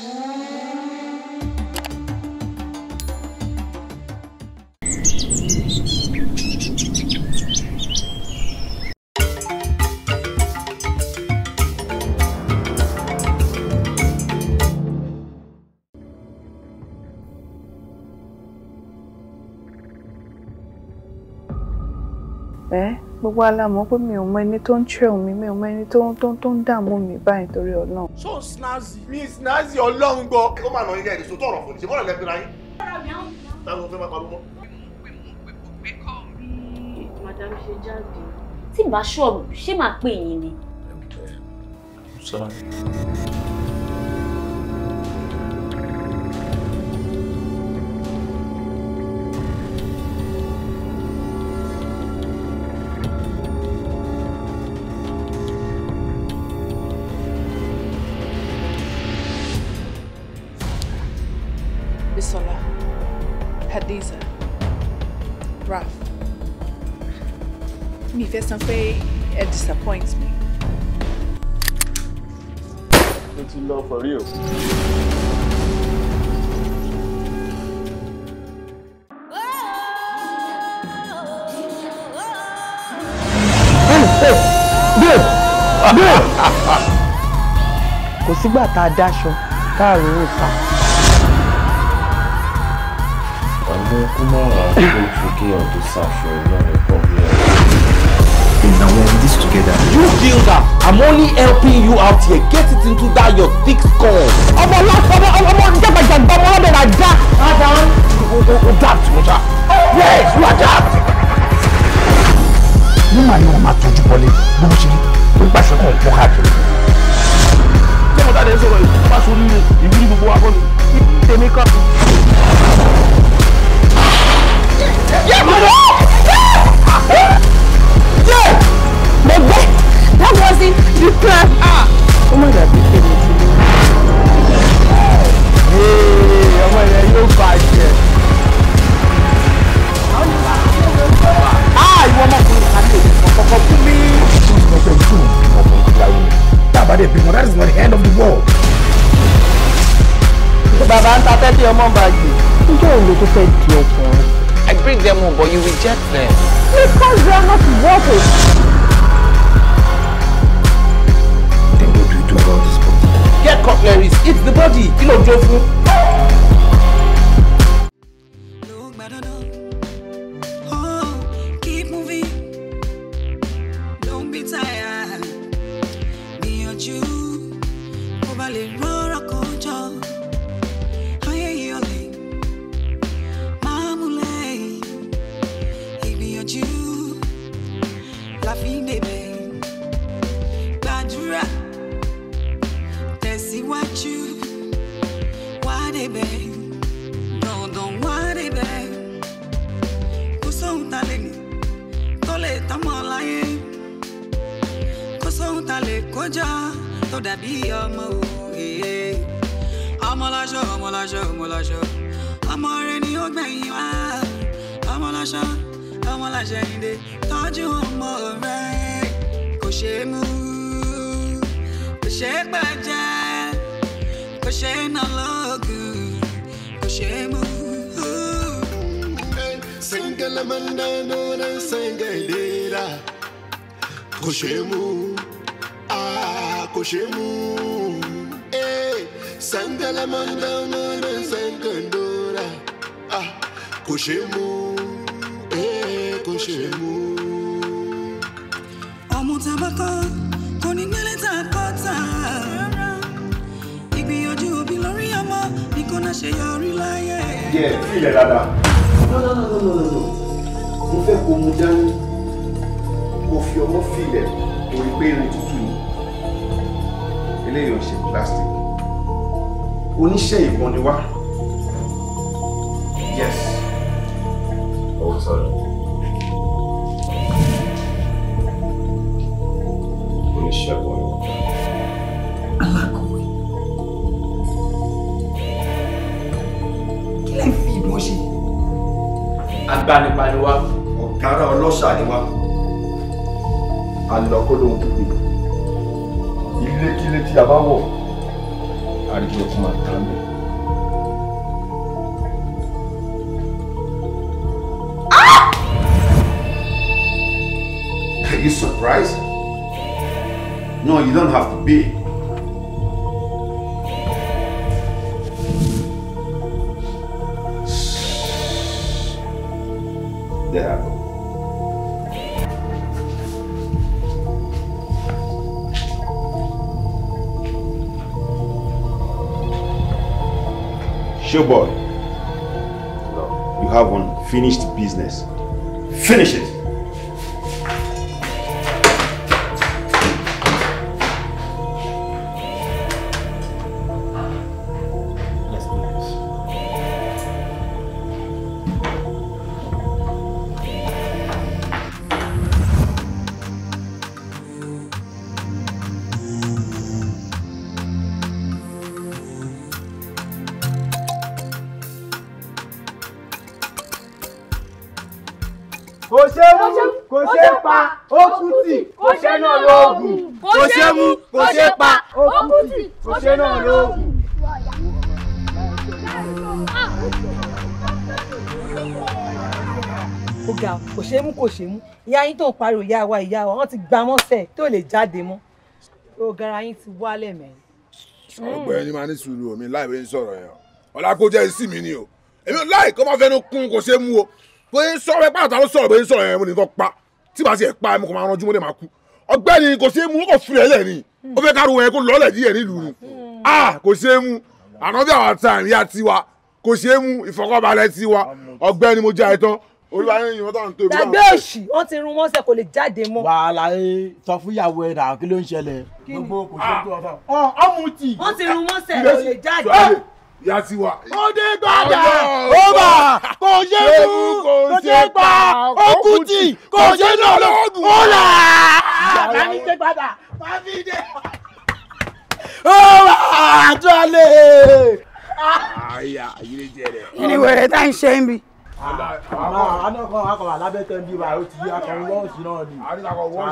Mm-hmm. gbogbo alamọ pé mi ò mọ ẹni tó ń tẹ mi mi ò mọ ẹni tó ń tó ń dààmú mi báyìí torí Ọlọ́run. so snazzy. mi snazzy Ọlọ́run gbọ́. ó máa nà yín ẹ̀rí sòtọ́ ọ̀rọ̀ fún mi ṣe bọ́ọ̀lù lẹ́gbẹ̀rẹ̀ ayé. táwọn madam tí bá ṣọ́ọ̀bù ṣé máa pè yín ni. sọ́ra. you. kò sígbà tá a dáṣọ tá a rò ó sá. ọ̀gbọ́n kúmọ̀ràn ló ju kí ọdún sáfù ọlọ́run Now we're in this together. You builder, I'm only helping you out here. Get it into that your thick skull. I'm a lot, I'm a, I'm a, I'm a, I'm a, I'm a, I'm a, Adam, adapt, Musa. Yes, you adapt. Ní màá ní wọn máa tọ́jú bọ́lé bí wọ́n ṣe rí nígbà tí wọ́n kún káàkiri. Ṣé mo dáadé sọ̀rọ̀ yìí? Bá sórí rẹ̀ ìwúrí gbogbo wa kọ́ ni. Tèmi kọ́. Yẹ́n Yeah, lọ! no mo that wasn't the plan ah Oh my God, pé mo ti lé. ọmọ yẹn yóò bàjẹ́. ah ìwọ ọmọkùnrin kan lè kọ́kọ́ fún mi. ṣé o ti lọ bẹ́ẹ̀ dùn ọkùnrin tó láwùjọ tábà dé bímọ that is not the end of the world. bàbá ń ta your ọmọ bàjẹ́. You don't ló tó fẹ́ di I bring them home but you reject them because they are not worth what do you do about this body? Get cutleries, eat the body, You ló jó fún. babe. No, don't worry, babe. Kuso ni, tole tamalaye. Kuso utale koja, to dabi ọmọ jo, Ọmọlọ́ṣọ́, jo, ọmọlọ́ṣọ́. jo. Amare ni ó gbẹ̀yìn wá. Ọmọlọ́ṣọ́, ọmọlọ́ṣọ́ ìdè. Tọ́jú ọmọ rẹ, kò ṣeé mú, kò ṣeé gbàjẹ́. pushing a look good shemu sengela mandano na sengelela koshemu ah koshemu eh sengela mandano na sengendora ah koshemu eh koshemu omutabaka koningeleta kota òbí jẹ ẹtí ilẹ̀ dáadáa. no no no no no no mo fẹ́ kó mu dání kó fi ọmọ fi ilẹ̀ torí pé irin tútù ni eléyìí ò ṣe plastic oníṣẹ́ ìbọn ni wá. yes. Oh, sorry. agbanipa ni wá. ọ̀gára ọlọ́ṣà ni wá. àlọ́ kó ló ń tí a bá wọ̀ àríjọ kó máa tán mi. Are you surprised? No, you don't have to be. Showboy, you have unfinished business. Finish it! yín tó ń pariwo ìyá wa ìyá wa wọ́n ti gbà mọ́sẹ̀ tó lè jáde mọ́ ògara yín ti wálẹ̀ mẹ́rin. ọgbẹ́ ẹni máa ní sùúrù omi láì wé ń sọ̀rọ̀ yẹn ọ̀la kó jẹ́ sí mi ni o èmi láì kó má fẹ́nu kún kò ṣe é mú o bó ń sọ̀rọ̀ ẹ pàtàkì sọ̀rọ̀ bó ń sọ̀rọ̀ yẹn mo nìkan pa tí bá ti ẹ̀ pa ẹ̀ mo kàn máa ranjú mo lè máa kú ọgbẹ́ni kò ṣe é mú kò filẹ̀ lẹ̀ ni ó fẹ́ kárù yẹn kó lọ́ọ̀lẹ̀ díẹ̀ nílùú ni hmm. a ah, kò ṣe é mú àná bí àwọn àtàrí àtiwa kò ṣe é mú ìfọkànbalẹ̀ tiwa ọgbẹ́ni mo jẹ́ àìtán olúwa yín wọn táwọn tóbi. dàgbé òsì wọn ti rún wọn sẹ kò lè jáde mọ́. wàhálà ẹ sọ fún ìyàwó ẹ náà kí ló ń ṣẹlẹ̀. gbogbo kò tó tó ọba. ọ amúti. wọn ti rún wọn sẹ kò lè jáde. ìyá ti wà. ó dé gbàdà ó bà kò ṣe mú kò ṣe pa ó kú tì kò ṣe nà lọ́gùn ó là. bàbá mi dé gbàdà bàbá mi dé. ó bà àjọ alẹ́. àyà yìí lè jẹ dẹ. ìrìnwèrè tá ń ṣe ń àwọn anọkọ akọwà lábẹ́ tẹ bí wa o ti yí akọ wọọsì náà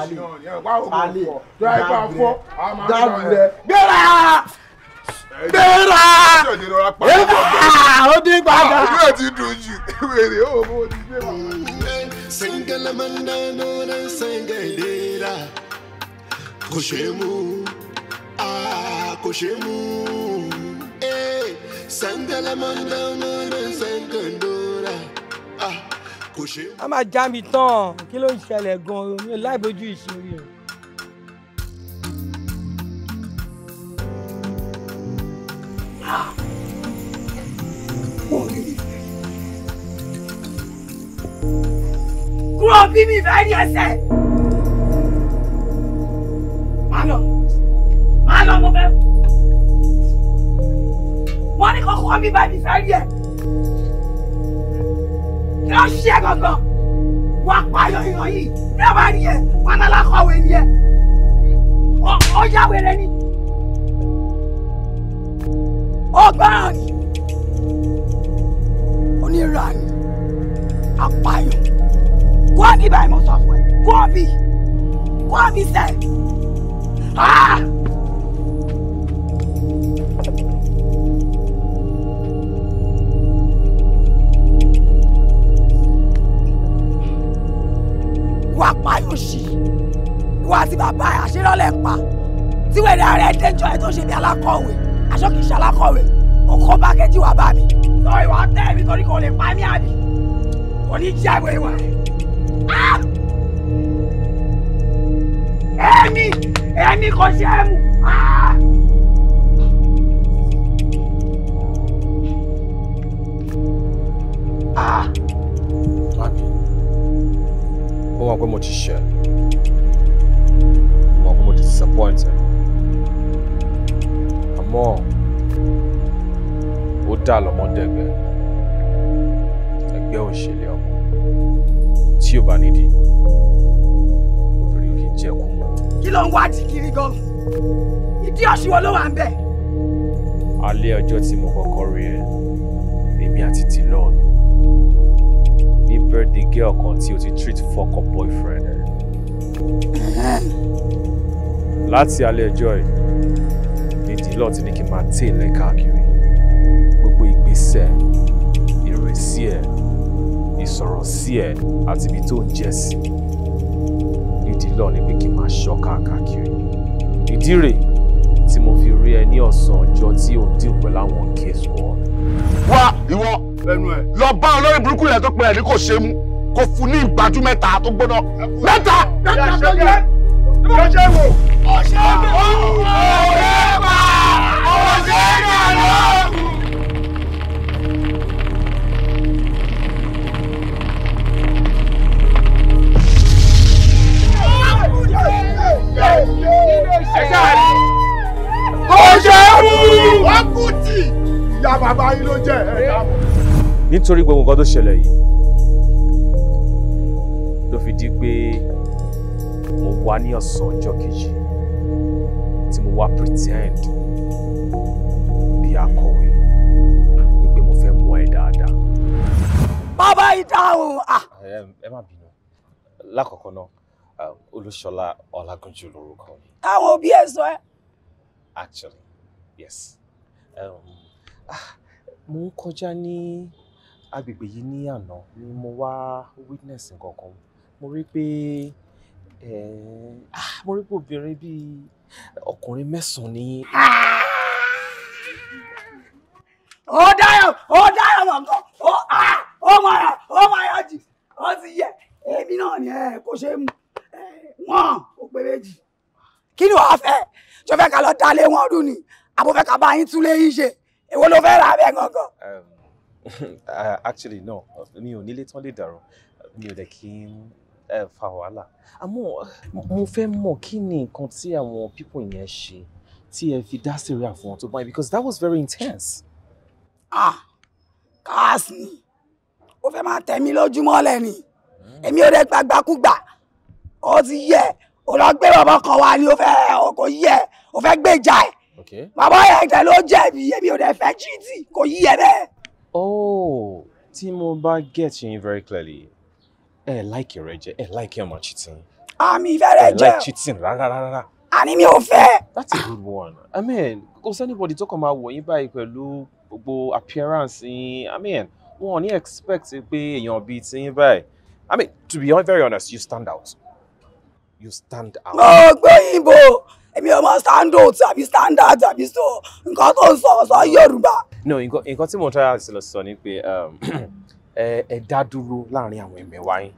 ni pali pali dábùrẹ gbéra gbéra gbéra ó dín gbàgbà. ìlú ẹ̀ ti dùn jù wèrè ó mú un ní ilé wọn. sengalamandano na sengaidera kò ṣe mú kò kò ṣe. a máa já mi tán kí ló ń ṣẹlẹ̀ gan mi ò láìbójú ìṣòrí o. kúrò bí mi fẹ́ rí ẹsẹ̀. má lọ má lọ mo fẹ́. wọ́n ní kọ́kọ́ mi bá mi fẹ́ rí ẹ lọ ṣe é gangan pààyàn èèyàn yìí náà bá rí ẹ wàá nálà kọ̀wé ni ẹ ọjà wẹrẹ ni ọgbọ́n oníranì apayọ kọ́ bíbá ìmọ̀sọ̀fọ̀ ẹ̀ kọ́ bí kọ́ bí sẹ́ẹ̀. Ah! wàá pààyòsì ìwà àti bàbá àṣírọ́lẹ̀ pa tí wẹ̀rẹ̀ ààrẹ dẹ́jọ́ ẹ tó ṣe ní alákọ̀wé aṣọ kìí ṣe alákọ̀wé òkò bá kẹ́jì wà bá mi lọ ìwà tẹ́ mi torí kò lè pa mí àbí kò ní jẹ́ àwọn ìwà rẹ̀ ẹ̀mí ẹ̀mí kò ṣe é Ah! Ah! ó mọ̀ pé mo ti ṣẹ̀ ó mọ̀ pé mo ti disappoint ẹ̀ àmọ́ ó dà lọ́mọdẹ́gbẹ́ ẹgbẹ́ òṣèlú ọmọ tí ò bá nídìí obìnrin kì í jẹ́ kú mọ́. kí ló ń wádìí kiri gan ìdí ọ̀ṣunwó ló wà ń bẹ̀. alẹ́ ọjọ́ tí mo kọ́kọ́ rí ẹ èmi àti tìlọ́ọ̀nù birthday girl kan tí o ti treat fuck up boyfriend rẹ. láti alẹ́ ẹjọ́ ẹ̀ ní dìlọ́ ti ní kí n máa tẹ̀ lẹ́ káàkiri gbogbo ìgbésẹ̀ ìrẹsì ẹ̀ ìsọ̀rọ̀ sí ẹ̀ àti ibi tó ń jẹ́ sí ní dìlọ́ ni pé kí n máa ṣọ́ káàkiri ìdí rèé tí mo fi rí ẹ ní ọ̀sán ọjọ́ tí ò ń dìbò pẹ̀lú àwọn case wọn. wá ìwọ lẹ́nu ẹ̀. lọ bá olórí burúkú yẹn tó pẹ̀lẹ́ ní kò ṣe mú kò fún ní ìgbájú mẹ́ta tó gbọ́dọ̀ mẹ́ta. ọ̀ṣẹ́ wo ọ̀ṣẹ́ wo ọ̀ṣẹ́ pa ọ̀ṣẹ́ yẹn lọ́ọ̀kù. ó ṣe é mú. wọ́n kú tì. ìyá bàbá yín ló jẹ́ ẹ̀dá mọ́ nítorí gbogbo nǹkan tó ṣẹlẹ̀ yìí ló fi di pé mo wá ní ọ̀sán ọjọ́ kejì tí mo wá pretend bí akọ̀wé wípé mo fẹ́ mú ẹ dáadáa. bàbá ìdáhùn. Ah! ẹ má bínú lákọ̀ọ́kọ́ náà um, olúṣọlá ọlágúnjú lórúkọ mi. táwọn òbí ẹ sọ ẹ. actually yes. Um, ah, mo ń kọjá ní. Ni agbègbè yìí ní àná ni mo wá witness nǹkan kan mo rí pé ah, mo rí pé obìnrin bíi ọkùnrin mẹ́sàn-án ni. ó dáyọ̀ ó dáyọ̀ mọ̀ngàn ó ọmọ ah, ara ọmọ ara jì ó ti yẹ èmi náà ni kò ṣe é mu wọn ò pé méjì. kí ni wàá fẹ́ tó fẹ́ ká lọ dalé wọn dùn ni àbúfẹ́ ká bá yín túlé yín ṣe èwo ló fẹ́ ra bẹ́ẹ̀ gangan. Uh, actually no mi ò nílé tán lè dàrú mi ò dẹ̀ kí n fa wàhálà àmọ́ mo fẹ́ mọ̀ kí ni nǹkan tí àwọn pípọ̀ yẹn ṣe tí ẹ fi dá síríà fún wọn tó because that was very intense. ah káàsì ni ó fẹ́ máa tẹ̀mí lójúmọ́ lẹ́ni èmi ò dẹ̀ gbàgbàkúgbà ó ti yẹ ọlọgbẹ bàbá kan wá ni ó fẹ́ kò yẹ ó fẹ́ gbèjà ẹ bàbá yẹn tẹ ló jẹ̀bi èmi ò dẹ̀ fẹ́ jìtì kò yẹ bẹ́ẹ̀. Oh, Timo, mo bá get yín very clearly, Eh, like your ìrẹ́jẹ, eh, like your cheating. Ah, Àmì ìfẹ́rẹ̀ jẹ́. Ẹ like cheating rárá rárá. Àní ah, mi ò fẹ́. That's a good one. I mean, because anybody talk about máa you buy báyìí look, gbogbo appearance I mean, wọn ò ní expect pé èèyàn bíi ti yín báyìí. I mean, to be very honest, you stand out. You stand out. Mo gbóyìnbó èmi ọmọ standard tàbí standard tàbí so nǹkan tó ń sọ sọ yorùbá. no nǹkan tí mo tọ́ra sí lọ sọ ni pé ẹ dá dúró láàrin àwọn ẹ̀mẹ̀wá yín.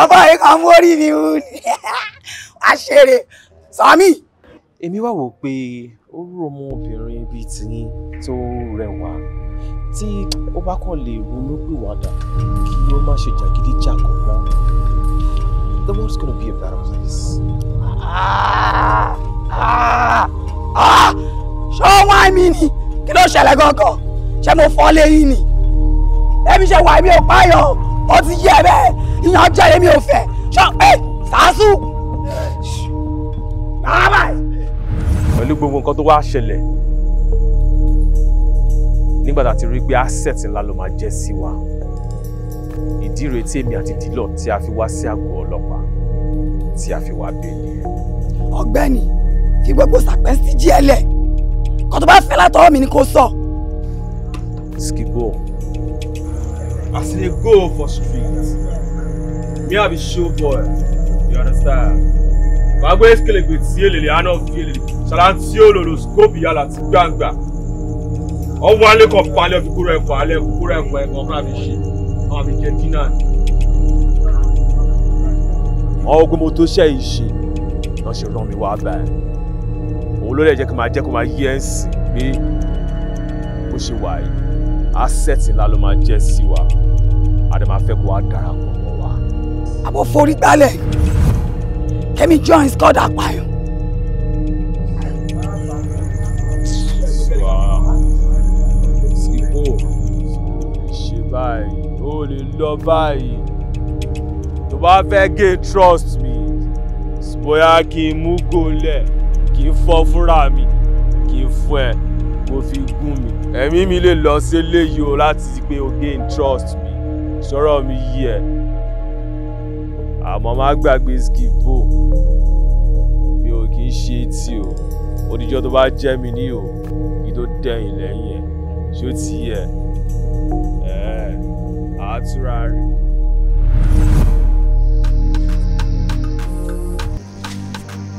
ọba yìí kan mórí mi wù ní àṣẹrẹ sami. èmi wá wò pé ó rú ọmọbìnrin bíi tiyín tó rẹwà tí ó bá kàn lè ronú pìwàdà kí ó má ṣe jàgídíjàgan mọ́. The world's gonna be a better place. Ah! Ah! Ah! Ṣé wá mi ni? Kí ló ṣẹlẹ̀ gangan? Ṣé mo fọ́ léyìn ni? Ẹbí ṣe wà mí ò páyọ̀, ó ti yẹ bẹ́ẹ̀, ìyàn jẹ́ èmi ò fẹ́. Ṣọ ẹ sàásù! Bàbá yìí. Pẹ̀lú gbogbo nǹkan tó wá ṣẹlẹ̀, nígbà tá a ti rí pé asset ńlá ló máa jẹ́ sí wa ìdí rèé tí èmi àti dìlọ tí a fi wá sí àgọ́ ọlọ́pàá tí a fi wá bẹ́ẹ̀lì. ọ̀gbẹ́ni fi gbogbo sàpẹ́sì jí ẹ kó tó bá fẹ́ látọwọ́ mi ni kò sọ. skibo as you dey go for street me i be show boy you understand. gbàgbé ìsìkèlègbè tí èlèlè àná fi èlèlè ṣàlàntí olòlò skopi yàrá ti gbàǹgbà ọwọ́ alẹ́ kan palẹ̀ kúrò ẹ̀kọ́ alẹ́ kúrò ẹ̀kọ́ ẹ̀kọ́ ọ̀kan àbí ṣe. Argentina. ọgùn mo tó ṣe ìṣe náà ṣe rán mi wá báyìí òun ló lè jẹ́ kí máa jẹ́ kó máa yí ẹ̀sìn pé bó ṣe wà yìí asẹ́ẹ̀tì ńlá ló máa jẹ́ sí wa àdè máa fẹ́ kó wa darapọ̀ mọ́ wa. àbò forí gbálẹ̀ Kẹ́mi John scott apààyàn. Bye ò lè lọ báyìí tó bá fẹ́ gé trust me bóyá kí n mú gòlẹ̀ kí n fọ́ fúnra mi kí n fún ẹ kó fi gún mi ẹ̀mí mi lè lọ sí eléyìí o láti pé o gain trust mi sọ̀rọ̀ mi yí ẹ àmọ́ má gbàgbé skibo mi ò kì í ṣe tí o odijọ́ tó bá jẹ́ mi ní o kí tó dẹ̀yìn lẹ́yìn ẹ̀ ṣé ó ti yẹ wàá túra rí.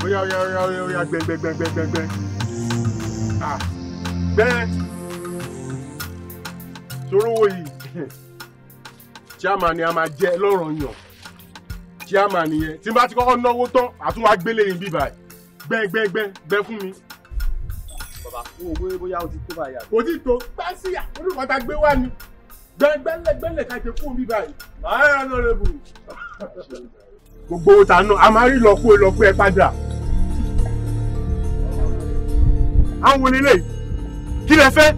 oya oya oya oya oya gbẹngbẹngbẹngbẹngbẹ ah gbẹ sorowo yìí Chiama ni a máa jẹ lọ́rọ̀ yàn chairman nìyẹn tí n bá ti kọ́kọ́ náwó tán àtúwá gbélé yìí bíbá gbẹngbẹngbẹ gbẹ fún mi bàbá fún owó bóyá o ti tó báyà. kò tí tó gbá síyà olùkọ́ta gbé wá ni gbẹ́lẹ̀gbẹ́lẹ̀ ká ṣe fún mi báyìí máa rà náà lè bù. gbogbo tànú a máa rí lọ́kú lọ́kú ẹ padà. àwọn onílé kí lẹ fẹ́.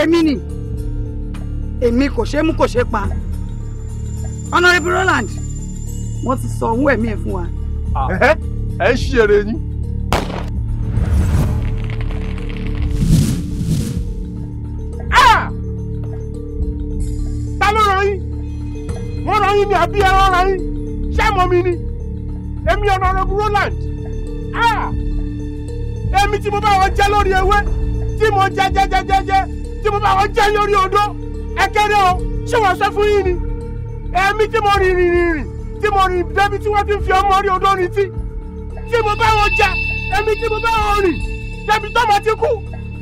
èmi ni èmi kò ṣe é mú kò ṣe é pa honourable Roland wọ́n ti sọ owó ẹ̀mí ẹ̀ fún wa. ẹ ẹ ṣeré yín. ta ló ràn yín wọ́n ràn yín ní àbí ẹran ràn yín ṣé mi ni èmi Honorable Roland ah! èmi tí mo bá wọn jẹ lórí ewé tí mo jẹ jẹ jẹ jẹ jẹ tí mo bá wọn jẹ lórí odó ẹkẹrẹ o ṣé wọn sọ fún yín ni èmi tí mo rìn rìn rìn rìn tí mo rìn débi tí wọ́n ti ń fi ọmọ rí odó rìn tí tí mo bá wọn jẹ èmi tí mo bá wọn rìn débi tọ́mọ ti kú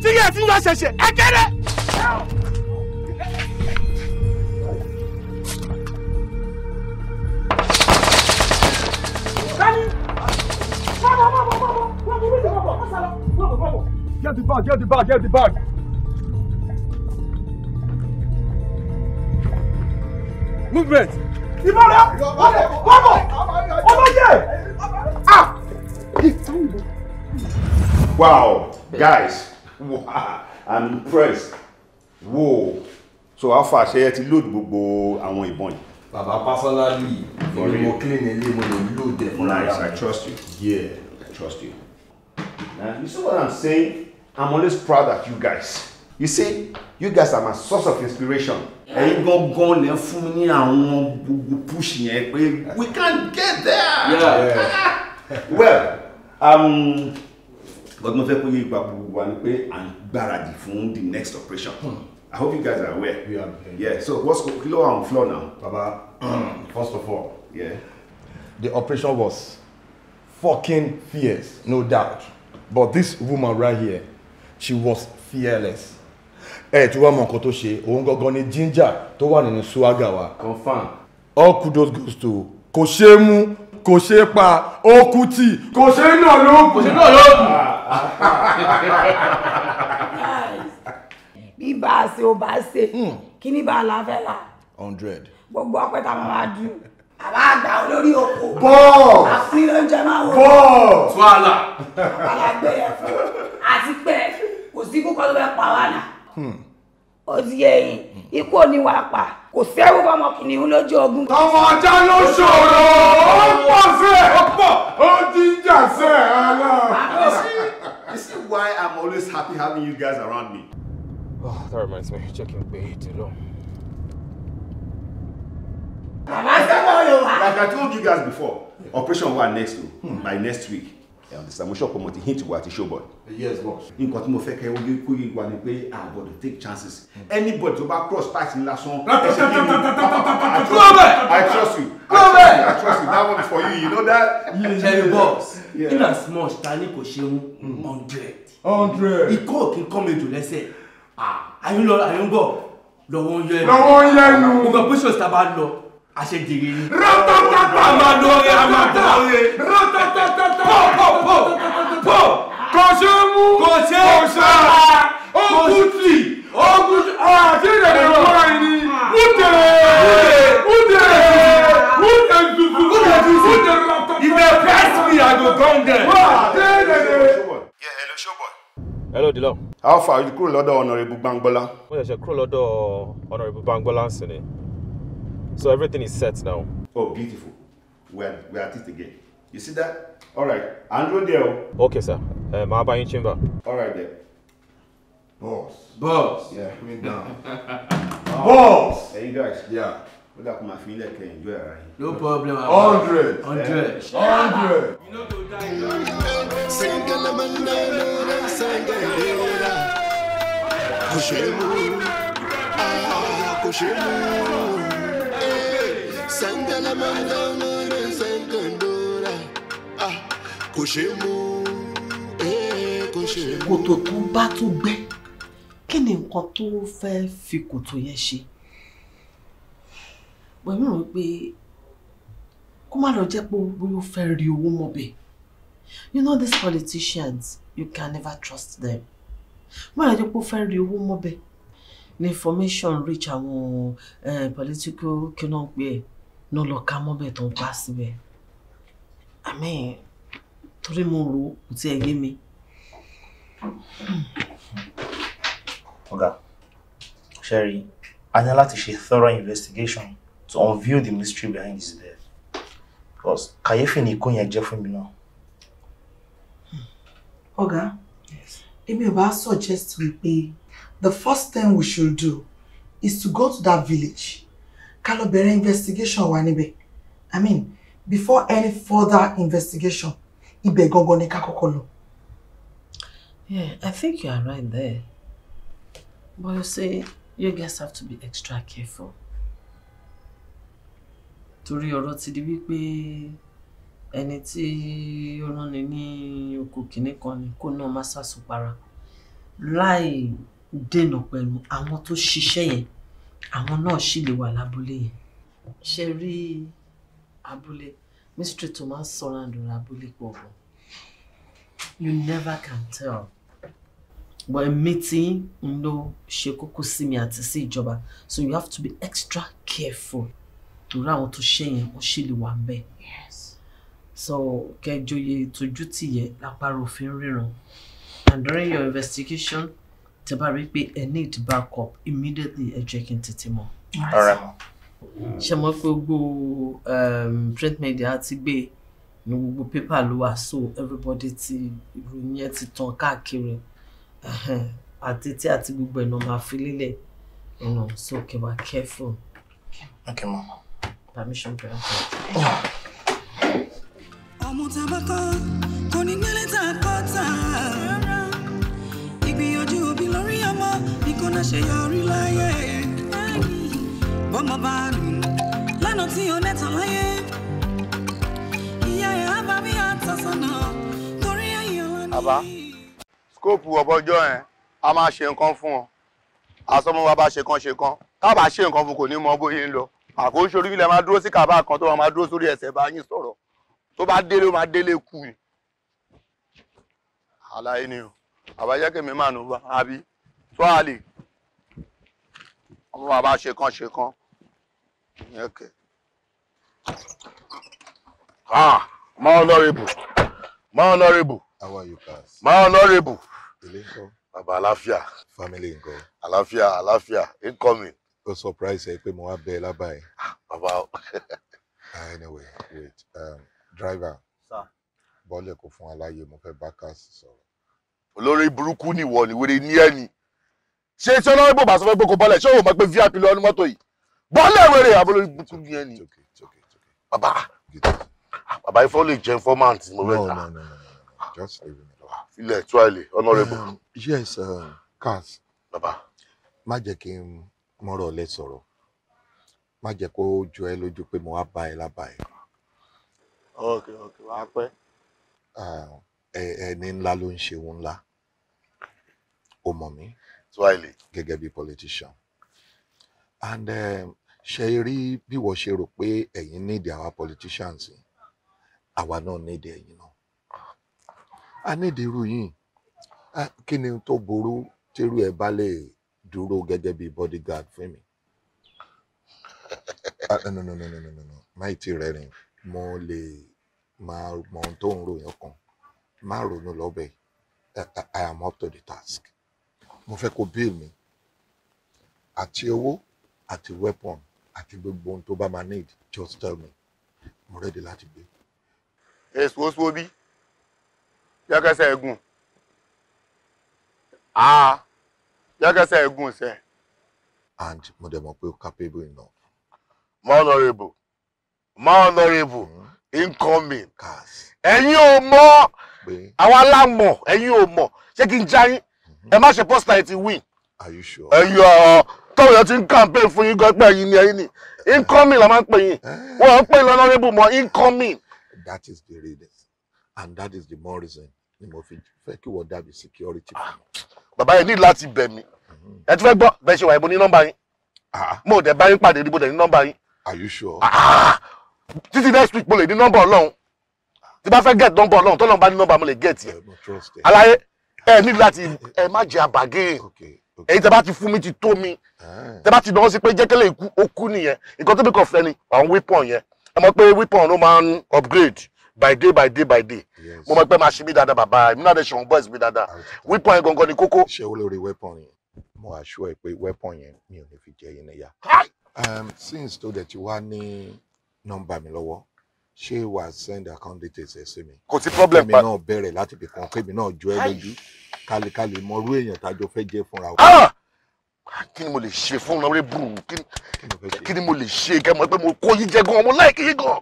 tí yẹ ti yọ ṣẹ̀ṣẹ̀ ẹkẹrẹ. get the bag, get the bag, get the bag. Movement. Ìbára! Wọlé! Wọ́pọ̀! Ọmọ yẹ! Ah! Wow, guys, wow, I'm impressed. Whoa! So how far ṣe yẹ ti load bobo and one yìí? Bàbá personally, èmi mo clean ilé mo lè load them. Nice, I trust you. Yeah, I trust you. Now, you see what I'm saying? I'm always proud of you guys. You see, you guys are my source of inspiration. Ẹ̀yin gangan lè fún mi ní àwọn gbogbo push yẹn pé we can't get there. Yeah. Yeah. well, um, but mo fẹ́ kó yé ipa gbogbo wa ni pé à ń gbáradì fún the next operation. Hmm. I hope you guys are aware. We are. yeah. So what's kí ló wà on floor now? Baba, hmm, first of all, yeah. The operation was fucking fierce, no doubt. But this woman right here she was fearless ẹ ti wá mọ nǹkan tó ṣe òun gangan ni ginger tó wà nínú swagger wa. confam. all kudos goes to kò ṣeé mú kò ṣeé pa ó kú tì kò ṣeé náà ló kù. kò ṣeé náà ló kù. bí bá a ṣe ó bá a ṣe hmm. kí ni bá a la fẹ́ la. hundred. gbogbo ọpẹ tá a máa dùn àbá àgbà olórí oko. bọ́ọ̀ àfin ló ń jẹ máa wọ. bọ́ọ̀ tuwala. àgbàlagbé ẹ̀fọ́ àti pẹ́ẹ́fẹ́ kò sí ikú ló fẹ́ pa wá náà hmm. ó ti yẹ hmm. ikú ò ní wàá pa kò sẹ́rù fọmọ kìnìún lójú ogun. ọmọ ajá ló ṣòro ó pọ̀ sí ẹ̀ ó pọ̀ ó jíjà sí ẹ̀ aláà. This is why I'm always happy having you guys around me. Oh, that reminds me, checking way too long. Like I told you guys before, Operation One next week, hmm. by next week understand mo sọ̀kọ́ mo ti hint wa àti showboy. yes boss. nǹkan tí mo fẹ́ kẹ́ oyè kó yé wa ni pé a gbọ́dọ̀ take chances anybody tó bá cross path ní lásán. I trust you. I trust you that one is for you you know that. jerry boss in as much tani kò ṣeun hundred. hundred. ikọ́ òkè kọ́ mi jù lẹ́sẹ̀ Ah, lọ àyùn bọ̀ lọ́wọ́ ń yẹ ẹnu. lọ́wọ́ ń yẹ ẹnu. mo gbà pé ṣòṣì tá bá lọ àṣejèrè ni. rọ́tọ́tọ́tọ́ amadore amadore rọ́tọ́tọ́tọ́ pọ̀ pọ̀ pọ̀ pọ̀ po po é mú kò ṣe é ṣe é ogutli ogutli àti ah, ìrẹ̀lẹ̀ ìwọ́ra yìí ni wúdè wúdè wúdè tuntun wúdè tuntun if they press me I go come there. hello showboy. hello Dilo. how far you kúrò lọ́dọ̀ Honorable Gbàngbọ́lá. mo ṣẹ̀ṣẹ̀ kúrò lọ́dọ̀ Honorable Gbàngbọ́lá ń So everything is set now. Oh, beautiful. We are, we are at it again. You see that? All right. Andrew Dale. Oh. Okay, sir. My how in chamber? All right, there. Boss. Boss. Yeah, come down. oh. Boss. Hey, guys. Yeah. What at my Can you enjoy right? No problem. Andrew. Andrew. Andrew. Eh? You know die. zaman zaunurin san kandora kò ṣe kòtò tó bá tún gbẹ kí ni nǹkan tó fẹ́ẹ́ fi kòtò yẹn ṣe pẹ̀lú rẹ̀ pé kó má lọ jẹ́ pé bóyá ó fẹ́ rí owó mọ́bẹ̀ you know these politicians you can never trust them kó má lọ jẹ́ pé ó fẹ́ rí owó mọ́bẹ̀ ni information reach àwọn uh, political kí náà pé ẹ̀ náà lọ ká mọ́bẹ̀ tó ń pa síbẹ̀ àmín torí mo rò kò tiẹ̀ yé mi. ọ̀gá sherry a ní láti ṣe thorough investigation to unveil the mystery behind his death because kàyéfì ni ikú yẹn jẹ́ fún mi náà. ọ̀gá èmi ò bá suggest wípé the first thing we should do is to go to that village Kalobere investigation wa níbẹ̀ i mean before any further investigation ibẹ̀ gangan ni ká kọ́kọ́ yeah i think you are right there but you say you guys have to be extra careful torí ọ̀rọ̀ ti di wípé ẹni tí ó ránni ní oko kìnínní kan ni kó náà má sàṣùpara láì dènà pẹ̀lú àwọn tó ṣiṣẹ́ yẹn àwọn náà ṣì lè wà lábúlé yẹn ṣe rí abúlé mystery tó máa ń surround abúlé pọ̀ you never can tell but èmi tí ń lọ ṣe kókó sí mi àti sí ìjọba so you have to be extra careful torí àwọn tó ṣe yẹn wọ́n ṣì lè wà ń bẹ̀. yes so kẹjọye tójú tìyẹ lápá òfin ríran and during your investigation tẹ́ bá rí pé ẹ need backup immediately ẹ jẹ́ kí n tètè mọ̀. ṣe mọ̀ pé gbogbo um, print media ti gbé ní gbogbo pépà ló wà so everybody ti ìròyìn yẹn ti tàn káàkiri àti tí àti gbogbo ẹ̀ náà máa fi lélẹ̀ ẹ̀nà so kẹ́ wá careful. okay ma. permission granted. ọmọ tí a bá tán tó ní ọ̀nà ṣèyọrí láyé bọ́mọ bá rìn lánàá tí o lẹ́tàn láyé ìyá ẹ̀ ábá mi àtàsánà torí ẹ̀yìn ọ̀la ni. bàbá skóòpù ọ̀bọ̀jọ́ yẹn a máa ṣe nǹkan fún ọ àsọmọ wa bá ṣe kan ṣe kan kábàá ṣe nǹkan fún kò ní mọ bóyá ń lọ àkóńṣe orí ilẹ̀ máa dúró sí kàbá kan tó máa dúró sórí ẹsẹ̀ bá yín sọ̀rọ̀ tó bá délé ó máa délé kú yìí àlàyé ni o àbájákèmí mànú bá àbí tó àlè ọmọ bàbá ṣe kán ṣe kán ìyẹn Ah, my honourable my honourable. how are you guys. my honourable. ilé ń kọ́. bàbá family ń Alafia, Alafia, incoming. ó surprise ẹ pé mo wá bẹ ẹ lábàá ah, ah, anyway wait um, driver. sir. bọ́ọ̀lù ẹ̀kọ́ fún aláyé mo fẹ́ bá káàsì sọ̀rọ̀. olórí burúkú nìwọ ni wèrè ní ẹni ṣé tí ọlọ́run bò bá sọ fẹ́ gbókò bọ́lẹ̀ ṣé òun mọ̀ pé vip lọ ní mọ́tò yìí bọ́lẹ̀ wèrè àbúrò bukú ni ẹni. bàbá bàbá ifọ̀ lè jẹ́ informant mo fẹ́ ta ilẹ̀ tuwalẹ̀ honourable. Um, yes Kaz uh, bàbá má jẹ́ kí n mọ̀rọ̀ lẹ sọ̀rọ̀ má jẹ́ kó jọ ẹ lójú pé mo wá bá ẹ lábàá ẹ. ok ok wàá pẹ́. Ah, ẹni ńlá ló ń ṣe òun ńlá ó mọ̀ mí. Swahili. gẹ́gẹ́ bí politician and um, ṣe rí bí wọ́n ṣe rò pé ẹ̀yin need our politicians àwa náà need ẹ̀yin náà a need irú yìí kí ni tó burú tírú ẹ̀ bá lè dúró gẹ́gẹ́ bí bodyguard fún mi ah, no no no no no no no máì tí rẹ rìn mo lè máa mọ ohun tó ń ròyìn ọkàn má ronú lọ́bẹ̀ I am up to the task mo fẹ́ kó bí mi àti owó àti weapon àti gbogbo ohun tó bá máa need just tell me mo ready láti gbé. èso oṣù bí yẹ́kẹ́sẹ̀ ẹ̀gùn àá yẹ́kẹ́sẹ̀ ẹ̀gùn sẹ́. and mo dẹ̀ mọ̀ pé o capable enough. more honourable more honourable hmm. incoming. ẹ̀yin ò mọ̀ àwọn alámọ̀ ẹ̀yin ò mọ̀ ṣé kí n já yín ẹ má ṣe poster ẹ ti win. are you sure. ẹyọ ọ tọ́wọ́ yẹn ti ń campaign fún yín gbẹ́pẹ́ yín ni ẹ̀yin ni incoming la máa ń pè yín wọ́n ń pè yín honorable mọ́ incoming. that is the reason and that is the more reason ni mo fi fẹ́ kí wọ́n dàbí security. bàbá yẹn ní láti bẹ̀ mí mm-hmm. ẹ ti fẹ́ gbọ́ bẹ́ẹ̀ ṣe wà ìbò ní nọ́mbà yín ah. mo dẹ̀ bá yín pàdé níbo dẹ̀ ní nọ́mbà yín. are you sure. Ah, ah. títí next week mo lè ní nọ́mbà ọlọ́run tí bá fẹ́ get nọ́mbà ọlọ́run tọ́lọ́run bá ní nọ́mbà mo lè get yẹn. alaye ẹ ní láti ẹ má jẹ àbàgé èyí tẹ bá ti fún mi ti tó mi ah. tẹ bá ti dánwó sí pé jẹ́kẹ́lẹ́ ikú ó kú nìyẹn nǹkan tó bí kàn fẹ́ ni àwọn weapon yẹn ẹ mọ̀ pé weapon ló máa ń upgrade by day by day by day mo mọ̀ pé máa ṣe mí dáadáa bàbá mi náà lè ṣe òun boys mi dáadáa ah, weapon yẹn gangan ni kókó. ṣé o lórí weapon yẹn mo assure ẹ pé weapon yẹn mi ò ní fi jẹ yín níyà. Um, since tó dẹ̀ ti wá ní nọ́mbà mi lọ́wọ́ ṣé wàá send account details ẹ sí mi. kò sí problem pa èmi náà bẹ̀rẹ̀ láti fi kan kémi náà jọ ẹ lójú kálíkálí mọrú èèyàn tájọ fẹ́ jẹ́ fúnra wa. Ah! kí ni mo lè ṣe fún un lọ́rẹ́ bùrù kí ni mo lè ṣe kẹ́ mọ̀ pé mo kó yín jẹ gan mo láìkí yín gan.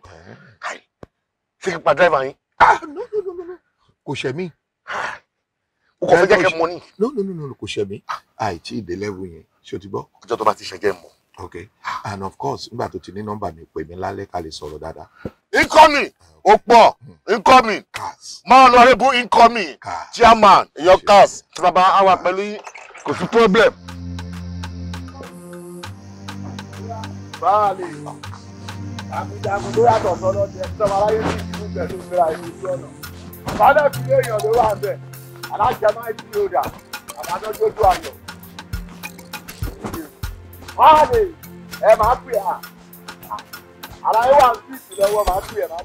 ṣé kí n pa driver yín. kò ṣẹ̀ mí. o kò fẹ́ jẹ́ kẹ́ mọ ni. no no no kò ṣẹ̀ mí ah! ah! àìtí ìdẹ́lẹ́wò yẹn ṣé o ti gbọ́. ọjọ́ tó bá ti ṣẹ̀jẹ̀ mọ́. Okay, and of course nígbà tó ti ní nọ́mbà mi pè mí lálẹ́ ká lè sọ̀rọ̀ dáadáa. incoming ó pọ̀ hmm. incoming máa lọ rẹ́bù incoming chairman èèyàn cars tí bàbá àwa kò sí problem. báàlì àmìjagun yàtọ̀ sọ́dọ̀ jẹ́ sọ́mọ aráyé ti bẹ̀ tó fira ìlú sí ọ̀nà. bàbá fi lé èèyàn ló wà bẹ̀ alájẹ máa ń yí ọ̀dà àbájọ́ jójú àyọ̀ máàlì ẹ máa pè a ara ẹ wà ń fi ìsìn lọ́wọ́ máa pè ẹ ah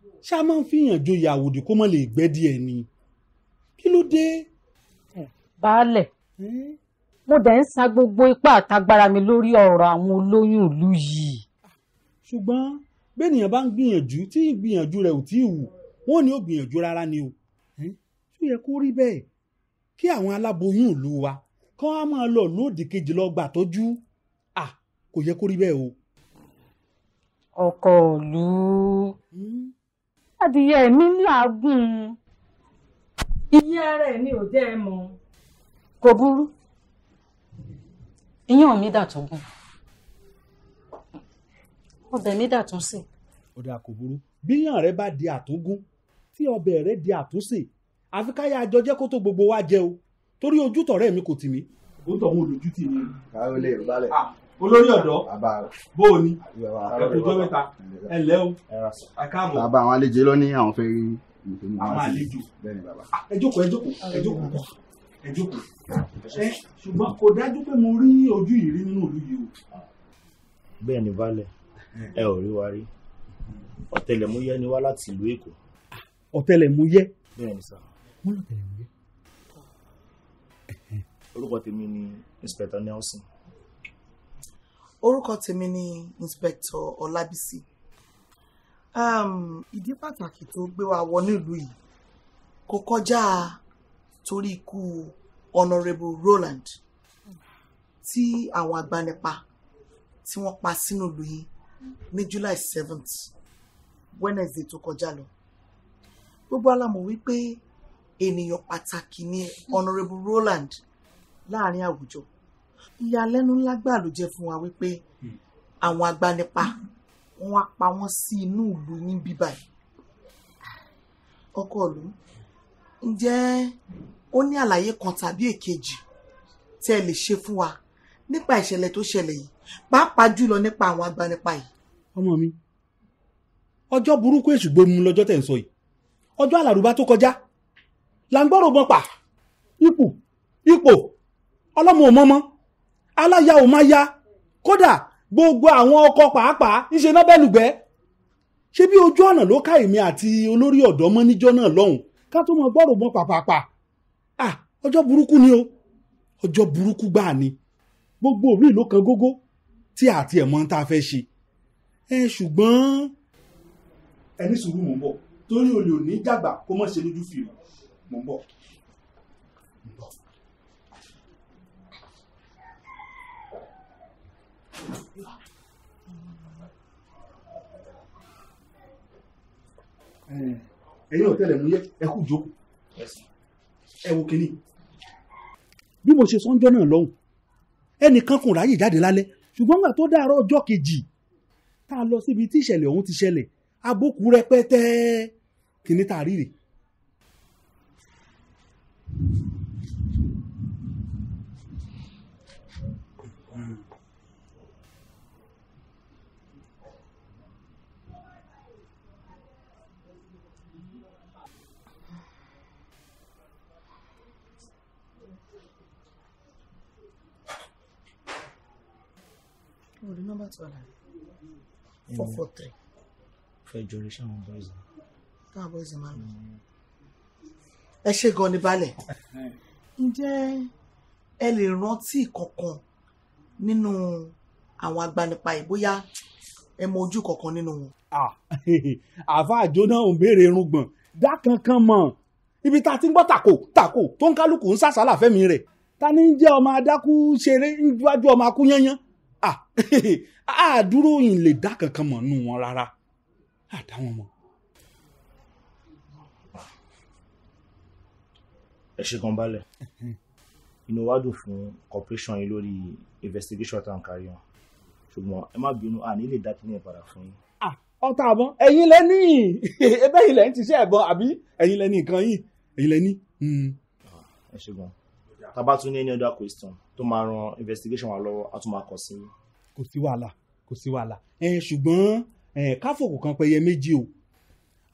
pè ẹ. ṣá máa ń fihàn joyè àwòdì kó má lè gbẹ́ díẹ̀ ni kí ló dé. baálẹ̀ hmm? mo dẹ̀ ń sa gbogbo ipá àtagbára mi lórí ọ̀rọ̀ àwọn olóyún ìlú yìí. ṣùgbọ́n bẹ́ẹ̀nìyàn bá ń gbìyànjú tí ìgbìyànjú rẹ̀ ò tí ì wù wọ́n ní ò gbìyànjú rárá ni o. tó hmm? yẹ kó rí bẹ́ẹ̀ kí àwọn aláboyún ìlú wa kán á máa lọ lóòdì kejì lọ gbà tọ́jú à kò yẹ kó rí bẹ́ẹ̀ o. ọkọ òlu hmm? adìyẹ mi làágùn iye ara ẹ ni ò jẹ́ ẹ mọ̀ kò burú iyán mi dà tó gùn ọbẹ̀ mi dà tó sè. ọ̀dà kò burú bíyàn rẹ bá di àtúngún tí ọbẹ̀ rẹ di àtúnṣe àfi káyà àjọ jẹ́ kó tó gbogbo wa jẹ o torí ojú tọ̀rẹ́ mi kò tì mí. ó tọ̀ wọn olójú tì mí. káwọn lè rí balẹ̀. olórí ọ̀dọ́ bó o ní ẹ̀kọ́jọ́ mẹ́ta ẹ̀lẹ́ o àkàbọ̀. bàbá àwọn àlejò ló ní àwọn fẹ́ rí àwọn àlejò ẹ jókòó ẹ jókòó ẹ jókòó ẹ jókòó ẹ ṣùgbọ́n kò dájú pé mo rí ojú yìí nínú ìlú yìí o. bẹ́ẹ̀ ni balẹ̀ ẹ ò rí wa rí ọ̀tẹlẹ̀múyẹ́ ni wá láti ìlú èkó. ọ̀tẹlẹ̀múyẹ́. bẹ́ẹ̀ ni sà. wọ́n lọ tẹ̀lẹ̀múyẹ́ orúkọ tèmi ni inspector Nelson. orúkọ tèmi ni inspector Ọlábísí um, ìdí pàtàkì tó gbé wa wọ nílùú yìí kò kọjá torí ikú honourable Roland tí àwọn agbanipa tí wọ́n pa sínú ìlú yìí ní July seventh Wednesday tó kọjá lọ gbogbo alamọ wípé ènìyàn pàtàkì ni honourable Roland. Mm -hmm láàrin àwùjọ ìyàlẹ́nu ńlá gbà ló jẹ́ fún wa wípé hmm. àwọn agbanipa wọn á pa wọn sí inú ìlú ní bíbá yìí ọkọ ìlú ǹjẹ́ ó ní àlàyé kan tàbí èkejì tí ẹ lè ṣe fún wa nípa ìṣẹ̀lẹ̀ tó ṣẹlẹ̀ yìí pàápàá jùlọ nípa àwọn agbanipa yìí. ọmọ mi ọjọ́ burúkú èṣù gbómi lọ́jọ́ tẹ̀ ń sọ yìí ọjọ́ àlàrúbá tó kọjá là ń gbọ́rọ̀ bọ́n pa ipò ipò ọlọ́mọ òmọ́mọ́ aláya ò máa ya kódà gbogbo àwọn ọkọ pàápàá ńṣe náà bẹ́ẹ̀ lùgbẹ́ ṣé bí ojú ọ̀nà ló ká èmi àti olórí ọ̀dọ́ mọ́ níjọ́ náà lọ́hùn ká tó mọ gbọ́rò mọ́ pàpàpà à ọjọ́ burúkú ni o ọjọ́ burúkú gbáà ni gbogbo òlú ìlú kan gógó tí àti ẹ̀mọ́ ń ta fẹ́ ṣe ẹ ṣùgbọ́n ẹni sùúrù mò ń bọ̀ torí olè ò ní jàgbà kó mọ̀ ṣe lójú fìrì mò ń bọ̀. ẹ̀yin ọ̀tẹlẹ̀múyẹ́ ẹ kú jókòó ẹ wo kínní. bí mo ṣe sọ́njọ́ náà lọ́hùn ẹnìkan kò ráyè jáde lálẹ́ ṣùgbọ́n gbà tó dáàárọ̀ ọjọ́ kejì tá a lọ síbi tí ìṣẹ̀lẹ̀ ọ̀hún ti ṣẹlẹ̀ abókù rẹpẹtẹ kìnní tá a rí rèé number to order? Four four three. For jurisdiction of boys. Táwọn boys máa ń lọ. Ẹ ṣe gan ni balẹ̀. Ǹjẹ́ ẹ lè rántí kankan nínú àwọn agbanipa yìí bóyá ẹ mọ ojú kankan nínú wọn? Àfa àjọná ò ń béèrè irùngbọ̀n dá kankan mọ̀ ibi tá a ti ń gbọ́ tàkò tàkò tó ń kálukú ń sàṣàlà fẹ́mi rẹ̀ ta ni ń jẹ́ ọmọ adákú ṣeré ń wájú ọmọ akú yányán àdúró yìí lè dá kankan mọ̀ nù wọn rárá àdáwọn mọ̀. ẹ ṣe kan balẹ̀ inú wa dùn fún cooperation yìí lórí investigation tá à ń kárí wọn ṣùgbọ́n ẹ má bínú àní lè dá kíní ẹ̀ padà fún yín. ọ̀tá àbọ̀n ẹ̀yin lẹ ní ebe yìí lẹ ń ṣiṣẹ́ ẹ̀bọn àbí ẹ̀yin lẹ ní nǹkan yìí ẹ̀yin lẹ ní. Hmm. ẹ ṣe gan tá a bá tún ní any other question tó máa ran investigation wa lọ́wọ́ a tún máa kọ sí. kò sí wàhálà kò sí wàhálà ṣùgbọ́n káfòkò kan pẹyẹ méjì o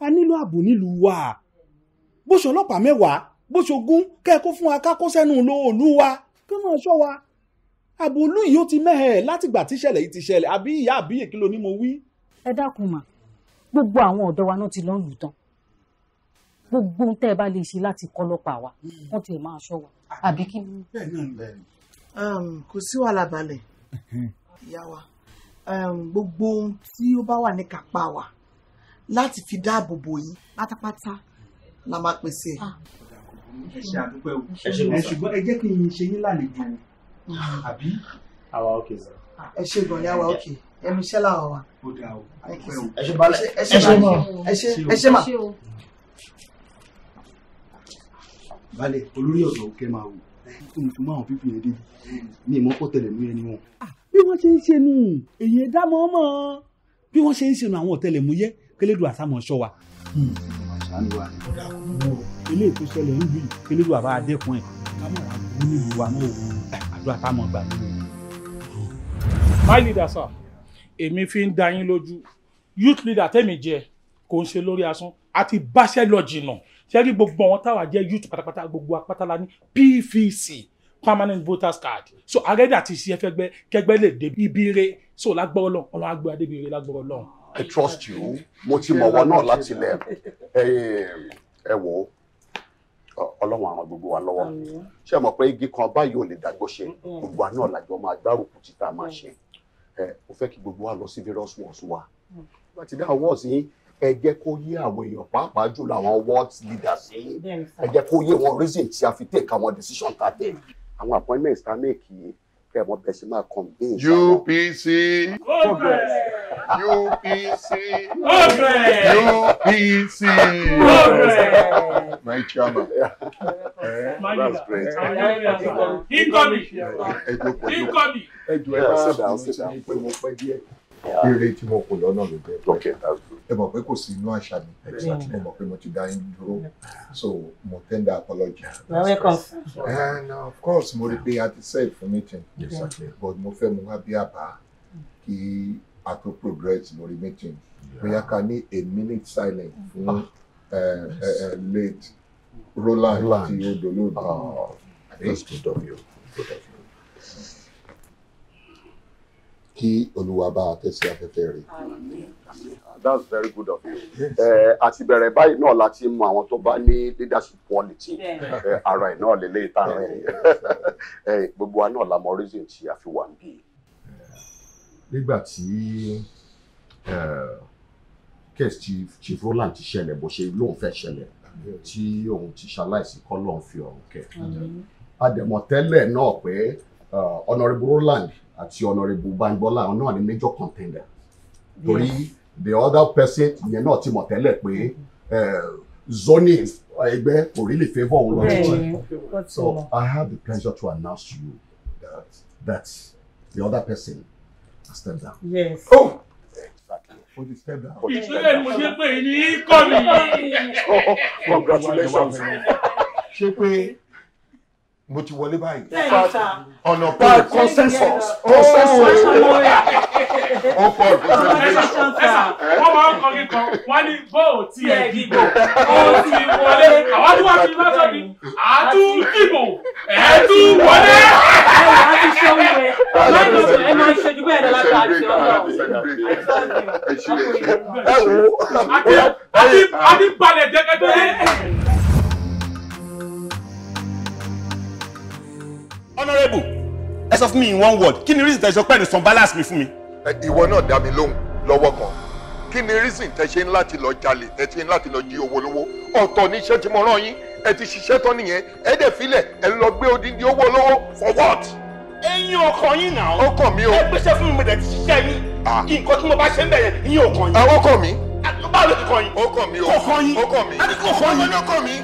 a nílò ààbò nílùú wa bó ṣe ọlọ́pàá mẹ́wàá bó ṣe ogún kẹ́ẹ̀kọ́ fún wa kákó sẹ́nu lóòlù wa kí wọ́n ṣọ́ wa ààbò olú yìí ó ti mẹ́hẹ̀ látìgbà tíṣẹ̀lẹ̀ yìí ti ṣẹlẹ̀ àbí ìyá àbí èkí ló ní mo wí. ẹ dákun mà gbogbo àwọn ọ̀dọ́ wa náà ti lọ́ọ́ lù tán gbogbo ohun tẹ́ ẹ bá lè ṣe láti kọ́ lọ́pàá wa wọ́n ti máa ṣọ́ wa àbí kí. bẹ́ẹ̀ náà bẹ́ẹ̀ Um, kò sí wàhálà balẹ̀ ìyá wa um, gbogbo ohun tí ó bá wà ní kápá wa láti fi dáàbò bò yín pátápátá la máa pèsè. Ah. ẹ ṣe àdúpẹ́ o ẹ ṣùgbọ́n ẹ jẹ́ kí n ṣe yín lálejò mm. àbí. àwa òkè sọ. ẹ ṣe gan yá wa òkè ẹnu iṣẹ́ làwọn wa. ẹ ṣe balẹ̀ ẹ ṣe mọ̀ ẹ ṣe ẹ balẹ̀ olórí ọ̀dọ́ kẹ́ máa wò tó fi mọ àwọn fífi yẹn débi hmm. mi ì mọ pọ tẹlẹmúyẹ ni wọn. bí wọ́n ṣe ń ṣe nù èyí dá mọ́ mọ́ bí wọ́n ṣe ń ṣe nù àwọn ọ̀tẹlẹ̀múyẹ́ kélédùn àsámọ̀ ṣọ́ wa. Hmm. ilé ètò ìṣẹ̀lẹ̀ ń bí kélédùn àbá adẹ́kun ẹ̀ kámọ̀ wà ní ìlú wa náà wò àdúrà táwọn gbà mí. my leader sir èmi fi ń da yín lójú youth leader tẹ́mi jẹ kò ń ṣe lórí asán àti báṣẹ́ lọ jìnnà ṣe rí gbogbo àwọn táwa jẹ́ youth pátápátá gbogbo apátálá ní pvc permanent voters card so already àti iṣẹ́ fẹ́gbẹ́ kẹgbẹ́ lè dé ibi re so lágbọ́rọ̀ lọ ọ̀run àgbẹ̀ adébíyẹ lágbọ́rọ̀ lọ. i trust you mo ti mọ̀ wọ́n náà láti lẹ̀ ẹ wò ó ọlọ́run àwọn gbogbo wa lọ́wọ́ ṣé mọ̀ pé igi kan báyìí ò lè dàgbò ṣe gbogbo àná làjọ máa gbárùkù títà máa mm. ṣe ẹ mo fẹ́ kí gbogbo wa lọ sí various wars wa láti mm. dá awards yín ẹ jẹ́ kó yé àwọn èèyàn pàápàá jùlọ àwọn world leaders yìí ẹ jẹ́ kó yé wọn reason tí a fi take àwọn decision ta tẹ̀ àwọn appointments ta make yìí kẹ́ mọ bẹ́ẹ̀ máa convey. UPC UPC UPC my chairman that's great. Incoming incoming. Ẹ jọ ẹ bá ṣe àwọn ṣe àwọn pé mo pẹ́ díẹ̀ eré tí mo kò lọ́nà ló bẹ́ẹ̀ pẹ́ ẹ mọ̀ pé kò sí inú àṣà mi mo mọ̀ pé mo ti dá yín dúró so mo tender apology. and of course mo rí pé a ti set for meeting but mo fẹ́ mo wá bí àbá kí a tó progress lórí meeting bóyá ká ní a minute silence fún ah. eh, eh, eh, late Roland tí ó dolóògbé. Ah. That's good of you. Good kí olúwa bá a tẹ̀sí afẹ́fẹ́ rẹ̀. that's very good of you. àti bẹ̀rẹ̀ báyìí náà láti mọ àwọn tó bá ní leadership quality ara ẹ̀ náà lélẹ́yìí tá a rìn gbogbo wa náà la mọ reason tí a fi wà ń bí. nígbà tí case chief Roland ti ṣẹlẹ̀ bó ṣe lóun fẹ́ ṣẹlẹ̀ tí òun ti ṣaláìsí kọ́ lóun fi ọ̀run kẹ́ àdèmọ̀tẹ́lẹ̀ náà pé honourable Roland àti honourable Bangbọ́lá àwọn náà ni major contender torí the other person yẹn náà ti mọ̀ tẹ́lẹ̀ pé mm-hmm. eh, Zoni, ẹgbẹ́ kò really favour òun lọ títí so I have the pleasure to announce to you that that the other person has stepped down. Yes. Oh! o ti step down. mo ṣe pé ní kọ́ni. congratulations. ṣé pé mo ti wọlé báyìí ọ̀nà pẹ̀lú consensus consensus ó pọ̀ consensus. wọ́n máa ń kọrin kan wọ́n ní bó o ti ẹ̀ dìbò ó ti wọlé àwọn tí wọ́n fi lọ́sọ̀ ni àtún dìbò ẹ̀ tún wọlé. ẹ wà á ti ṣe oúnjẹ ẹ máa ń ṣojú bẹ́ẹ̀ lọ́la tó àti ọ̀nà. ẹ wo àti balẹ̀ jẹ́gẹ́dẹ́. honourable ẹ sọ fún mi in one word kí ni reason tẹ sọ pé ẹni san balance mi fún mi. ìwọ náà dá mi lóhùn lọ́wọ́ kan kí ni reason tẹ ṣe ń láti lọ jalè tẹ ṣe ń láti lọ jí owó lówó ọ̀tọ̀ ní iṣẹ́ tí mo rán yín ẹ ti ṣiṣẹ́ tán nìyẹn ẹ dẹ̀ filẹ̀ ẹ lọ gbé odindi owó lówó for what. ẹ̀yin ọkàn yín náà ọkàn mi o ẹ gbéṣẹ́ fún mi mo dẹ̀ ti ṣiṣẹ́ yín ah. nǹkan tí mo bá ṣe ń bẹ̀ yẹn ìyẹn ọkàn yín. àwọn ah, ọkàn mi báwo ló ti kọ yín. ó kọ mi o kò kọ yín. ó mi. a ah. ti kò kọ yín. mi. ó kọ mi.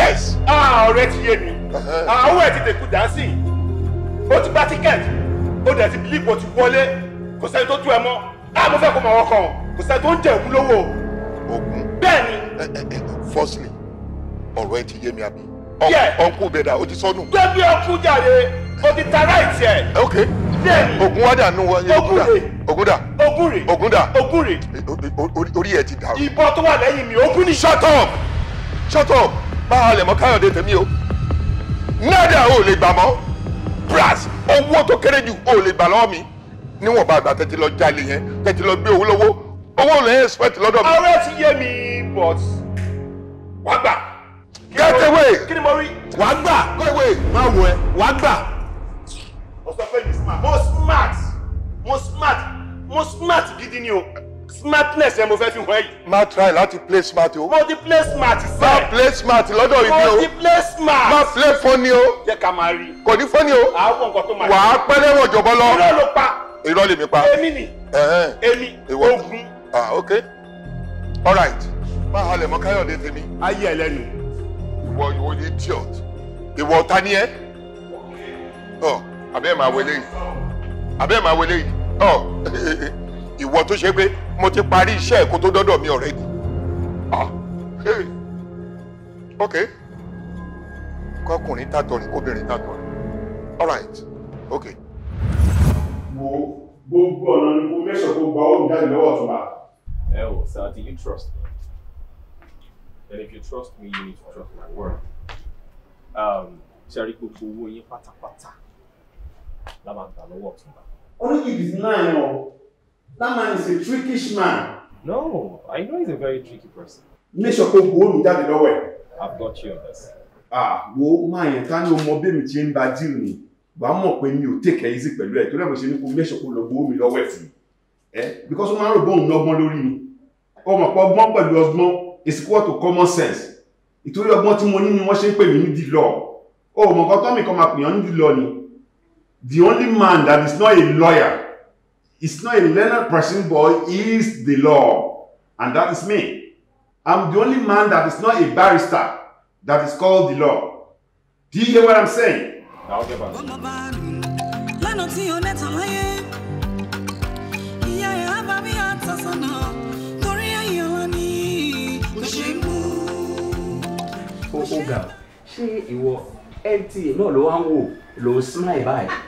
yes. ọ̀rẹ́ ti yé mi àwọn ah, ẹ̀ ti tẹ̀kù dánsì ó ti gba tíkẹ́ẹ̀tì ó dẹ̀ ti bílíìpù ti wọlé kò sẹ́ni tó tú ẹ mọ́ á ah, mo fẹ́ kó mọ̀ ọkàn kò sẹ́ni tó ń jẹ ògùn lówó. ògùn bẹ́ẹ̀ ni. Eh, eh, eh, firstly ọ̀rọ̀ ẹ ti yé mi àbí ọ̀nkú bẹ̀dà ó ti sọnù. gbẹ́bí ọkú jàre o ti ta ráìtì ẹ̀. ok ogun wa dà nù wọlé ogun dà ogun rè ogun dà ogun rè orí ẹ ti dà. ìbọn tó wà lẹ́yìn mi ogun ni. shut up shut up máa halẹ̀ mọ́ káyọ̀dé tèmi o náírà ò lè gbà mọ́ brass owó tó kéré jù ò lè gbà lọ́wọ́ mi níwọ̀n bá àgbà tẹ́tí lọ jalè yẹn tẹ́tí lọ gbé owó lọ́wọ́ owó ò lè expect lọ́dọ̀ mi. ọ̀rẹ́ ti yé mi but wàá gbà. get away. kí gbà. go away. má wọ ẹ wàá gbà. mo sọ fẹ́ smart. mo smart mo smart mo smart gidi ni o smartness yẹn mo fẹ́ fi wọ́n yìí. má try láti play smart o. mo ti play smart sẹ́ẹ̀. má play smart lọ́dọ̀ ibi o. mo ti play smart. má play fọ́ni o. jẹ́ ká máa rí. kò ní fọ́ni o. àwọn nǹkan tó máa rí. wàá pẹ́ lẹ́wọ̀n jọ̀bọ́ lọ. irọ́ ló pa. irọ́ lèmi pa. èmi ni. èmi ogun. ah ok all right. má halẹ̀ mọ́ káyọ̀dé tèmi. ayé ẹ lẹ́nu. ìwọ ìwọ ni idiot. ìwọ ta ni ẹ. ọ àbẹ́ẹ̀ máa wẹlé yìí. àbẹ́ẹ̀ máa wẹlé yìí. ọ ìwọ tó ṣe pé mo ti parí iṣẹ́ ẹ̀kọ́ tó dọ́dọ̀ mi already. ah ok kọkùnrin tàtọ̀rìn kóbìnrin tàtọ̀rìn all right ok. wo gbogbo ọ̀nà ni mo mẹ́sàn-án kó gba ọ́n jáde lọ́wọ́ tó bá. ẹ o sir do you trust me and if you trust me you need to trust my word. Um, ṣe àrí gbogbo owó yín pátápátá la máa gbà lọ́wọ́ tó bá. only if it's nine o. That man is a trickish man. No, I know he's a very tricky person. Make sure kó gbowó mi jáde lọ́wọ́ ẹ̀. I've got you on this. Ah, wo máa yẹn ká ní ọmọ bẹ́ẹ̀ mi ti ń ba díìl ni. Wàá mọ̀ pé mi ò take it easy pẹ̀lú ẹ̀ torí ẹ̀ mo ṣe ní kó make sure kó lọ gbowó mi lọ́wọ́ ẹ̀ fún mi. Ẹ because wọ́n máa ń rò bóun lọ́gbọ́n lórí mi. Ọmọ pọ̀ ọgbọ́n pẹ̀lú ọgbọ́n is equal to common sense. Ìtorí ọgbọ́n tí mo ní ni wọ́n ṣe ń pè mí ní the law. O mọ̀ nǹkan tọ́mì kan máa pè yàn ní the law ni. The only man that is not a lawyer It's not a learned person, but is the law. And that is me. I'm the only man that is not a barrister that is called the law. Do you hear what I'm saying? Oh get back to you. lọ́nà tí o lẹ́tàn láyé ìyá ẹ̀ ábá smile báyìí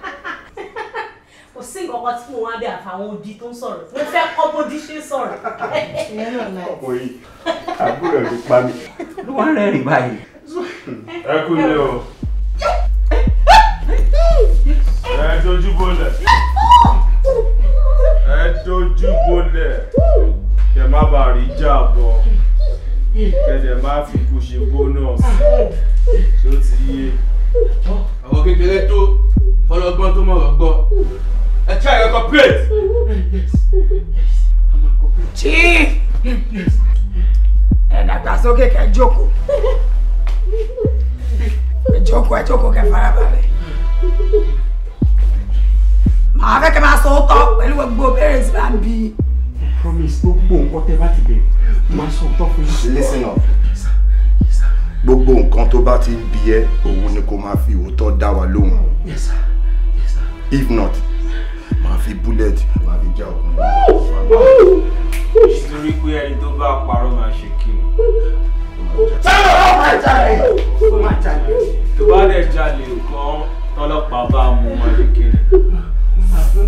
nǹkan tí mo wá bẹ àfàwọn odi tó ń sọ̀rọ̀ mo fẹ́ kọ́ bódí ṣe sọ̀rọ̀. ọkọ̀ yìí àbúrò ẹ̀ ló pa mi. ló wá rẹ́rìn báyìí. ẹ kú ilé o. ẹ dojú bolẹ̀. ẹ dojú bolẹ̀. kẹ má bàa rí jà bọ̀ kẹ̀dẹ̀ má fi kú ṣe bónọ́ọ̀sì tó ti yé. ọ̀rọ̀ kékeré tó fọlọ́gbọ́n tó mọ̀rọ̀ gbọ́ ẹ try your corporate. yes yes i'm a corporate. chief yes. ẹ dàgbà sókè kẹ́ jókòó ẹ jókòó ẹ jókòó kẹ́ farabalẹ̀ màá fẹ́ kẹ́ máa sọ òótọ́ pẹ̀lú gbogbo bẹ́ẹ̀rẹ̀ sí máa ń bí. promise gbogbo nǹkan whatever bá be. bẹ̀rẹ̀ máa sọ òótọ́ fún yín. listen up gbogbo nǹkan tó bá ti ń bí ẹ òun ni kò máa fi òótọ́ dá wa lóhùn if not máa fi búlẹ̀tì máa fi já òkun. nítorí pé ẹni tó bá parọ́ máa ṣe kí ni. sọ́dọ̀ ọ̀ máa jalè ó máa jalè. tó bá dẹ̀ jalè kan tọ́lọ́pàá bá mú wọn ṣe kí ni.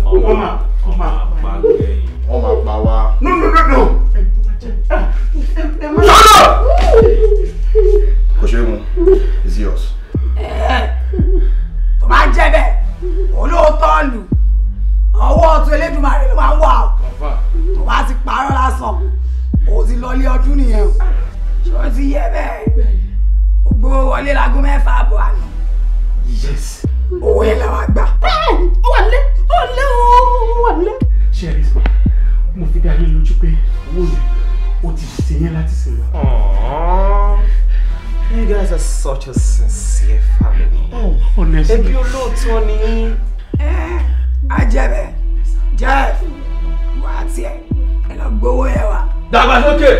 ọmọ ọmọ àgbàgbẹ́ yìí. wọ́n máa pa wá. nínú nínú. sọ́dọ̀. kò ṣe é mu it's yours. tó bá jẹ́ bẹ́ẹ̀ olóòótọ́ lù ọwọ́ ọ̀tún Elédùmarè ló máa ń wà ó tó bá ti parọ́ lásán ó ti lọlé ọdún nìyẹn ṣé ó ti yé bẹ́ẹ̀ gbowó wọlé láago mẹ́fà àbọ̀ àná owó yẹn làwọn gbà. ó wà lé ó lé ó wà lé. ṣé ẹ rí sọ mo fi dá yín lójú pé owó yẹn ó ti ṣe yẹn láti sìn lọ. You guys are such a sincere family. Oh, honestly. Ẹbí olóòótọ́ ni ajẹ́bẹ̀ jẹ́ wà á tiẹ̀ ẹ lọ gbowó yẹn wá. dàgbà sókè.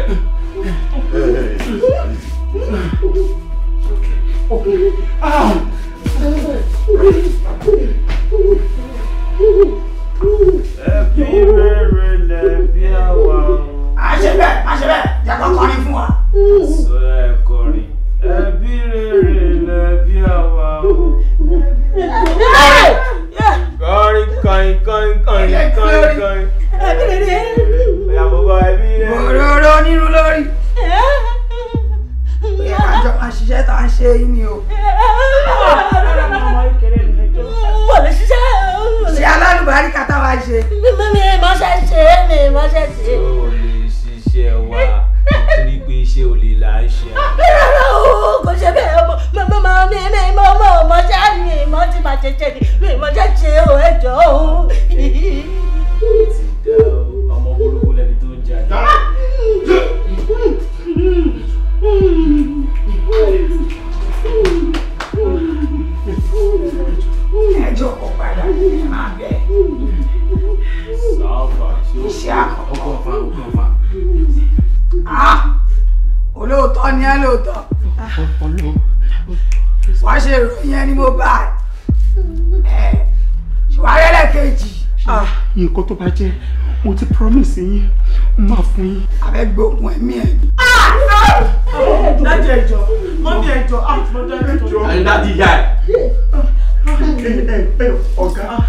ẹbí rere lẹbi àwa. àṣebẹ àṣebẹ jàgbọ́n wa. ẹbí rere lẹbi àwa kọrin kọrin kọrin kọrin kọrin kọrin. ìyàbọ̀bọ̀ ẹbí rẹ̀. òróró onírú lórí. àjọ àṣìṣe tá a ṣe yìí ni o. wọ́n lè ṣiṣẹ́. ṣé alálùbárí kàtà wá ṣe. mímú mi mọ́ṣẹ́ ṣe é mi mọ́ṣẹ́ ṣe é. o lè ṣiṣẹ́ wa ṣe olè là ń ṣe. Ah, rárá o kò ṣe bẹ́ẹ̀ ọmọ mọ mọ mi mi mọ mọ ọmọ ṣáà ni ìmọ̀ ti máa ṣe mi ìmọ̀ ṣe ṣe o ẹ̀jọ̀ o. nǹkan tó bá jẹ́ mo ti promise yín máa fún yín. àbẹ gbógun ẹ̀mí ẹ. dájú ẹjọ mọmi ẹjọ àtúntò ẹjọ. àyíndádì ìyá ẹ. ọ̀gá ah,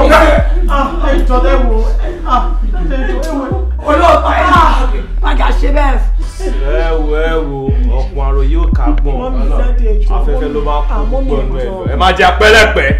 ọ̀gá ẹjọ ah, ẹ wo ẹjọ ah, ẹ wo. olóòtú ẹ má jà ṣe bẹ́ẹ̀. ẹ wo ẹ wo ọkùnrin àrò yóò ká gbọ̀n afẹ́fẹ́ ló máa kú gbọ̀n ẹ má jẹ́ pẹ́lẹ́pẹ́.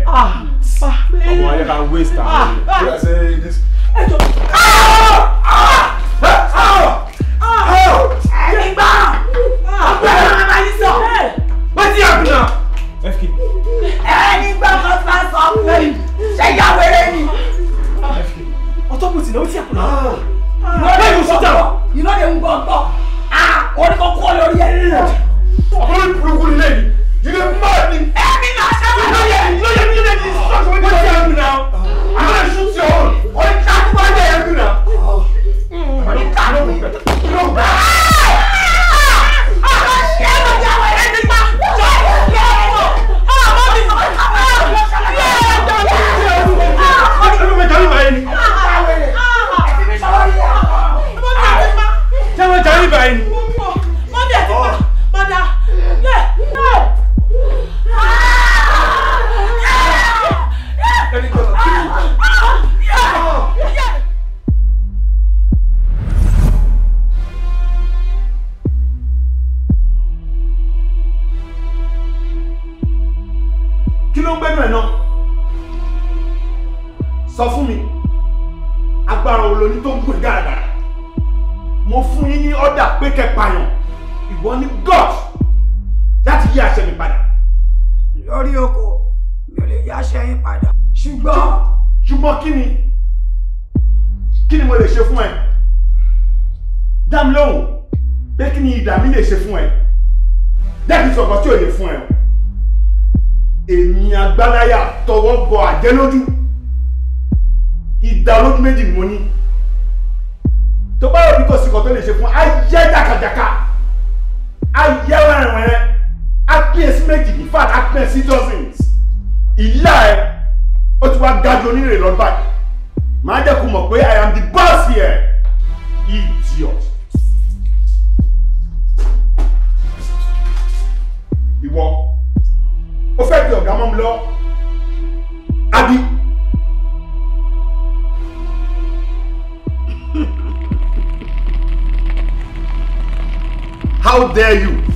How dare you?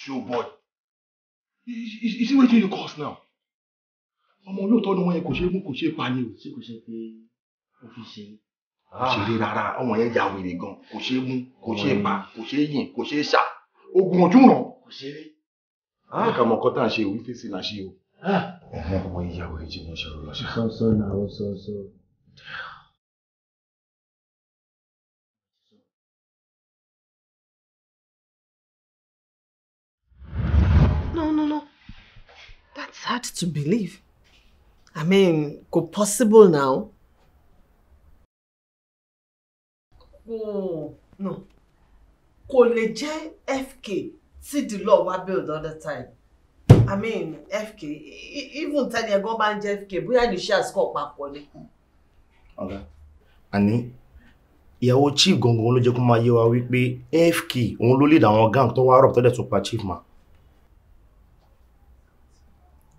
Show boy. You, you see wetin you cause now? Ọmọ olóòótọ́ ni wọ́n yẹn kò ṣe mú kò ṣe pa ni o. Ṣé kò ṣe pé ó fi ṣe Kò ṣe rí rárá, ọmọ yẹn ya wèrè gan. Kò ṣe mú, kò ṣe pa, kò ṣe yìn, kò ṣe ṣà. Ogun ojú ràn. Kò ṣe rí. Bẹ́ẹ̀ ká tá à ń ṣe òun fèsì là ṣe o. Ah. Ọmọ ìyàwó ẹ̀jẹ̀ ni ìṣòro lọ́ṣà. Sọ́sọ́ náà, ó sọ́sọ́. That's hard to believe. I mean, could possible now. Oh, no. Kò lè jẹ́ FK see the law wá build all the time. I mean, FK, e, even tẹ́lẹ̀ ẹ̀gbọ́n bá ń jẹ́ FK, bóyá lè ṣe àsìkò papọ̀ ni. Ọ̀gá, àní ìyàwó chief gangan ló jẹ́ kó máa yé wa wípé FK òun ló lead àwọn gang tó wá rọ̀ tó dẹ̀ tún pa chief ma.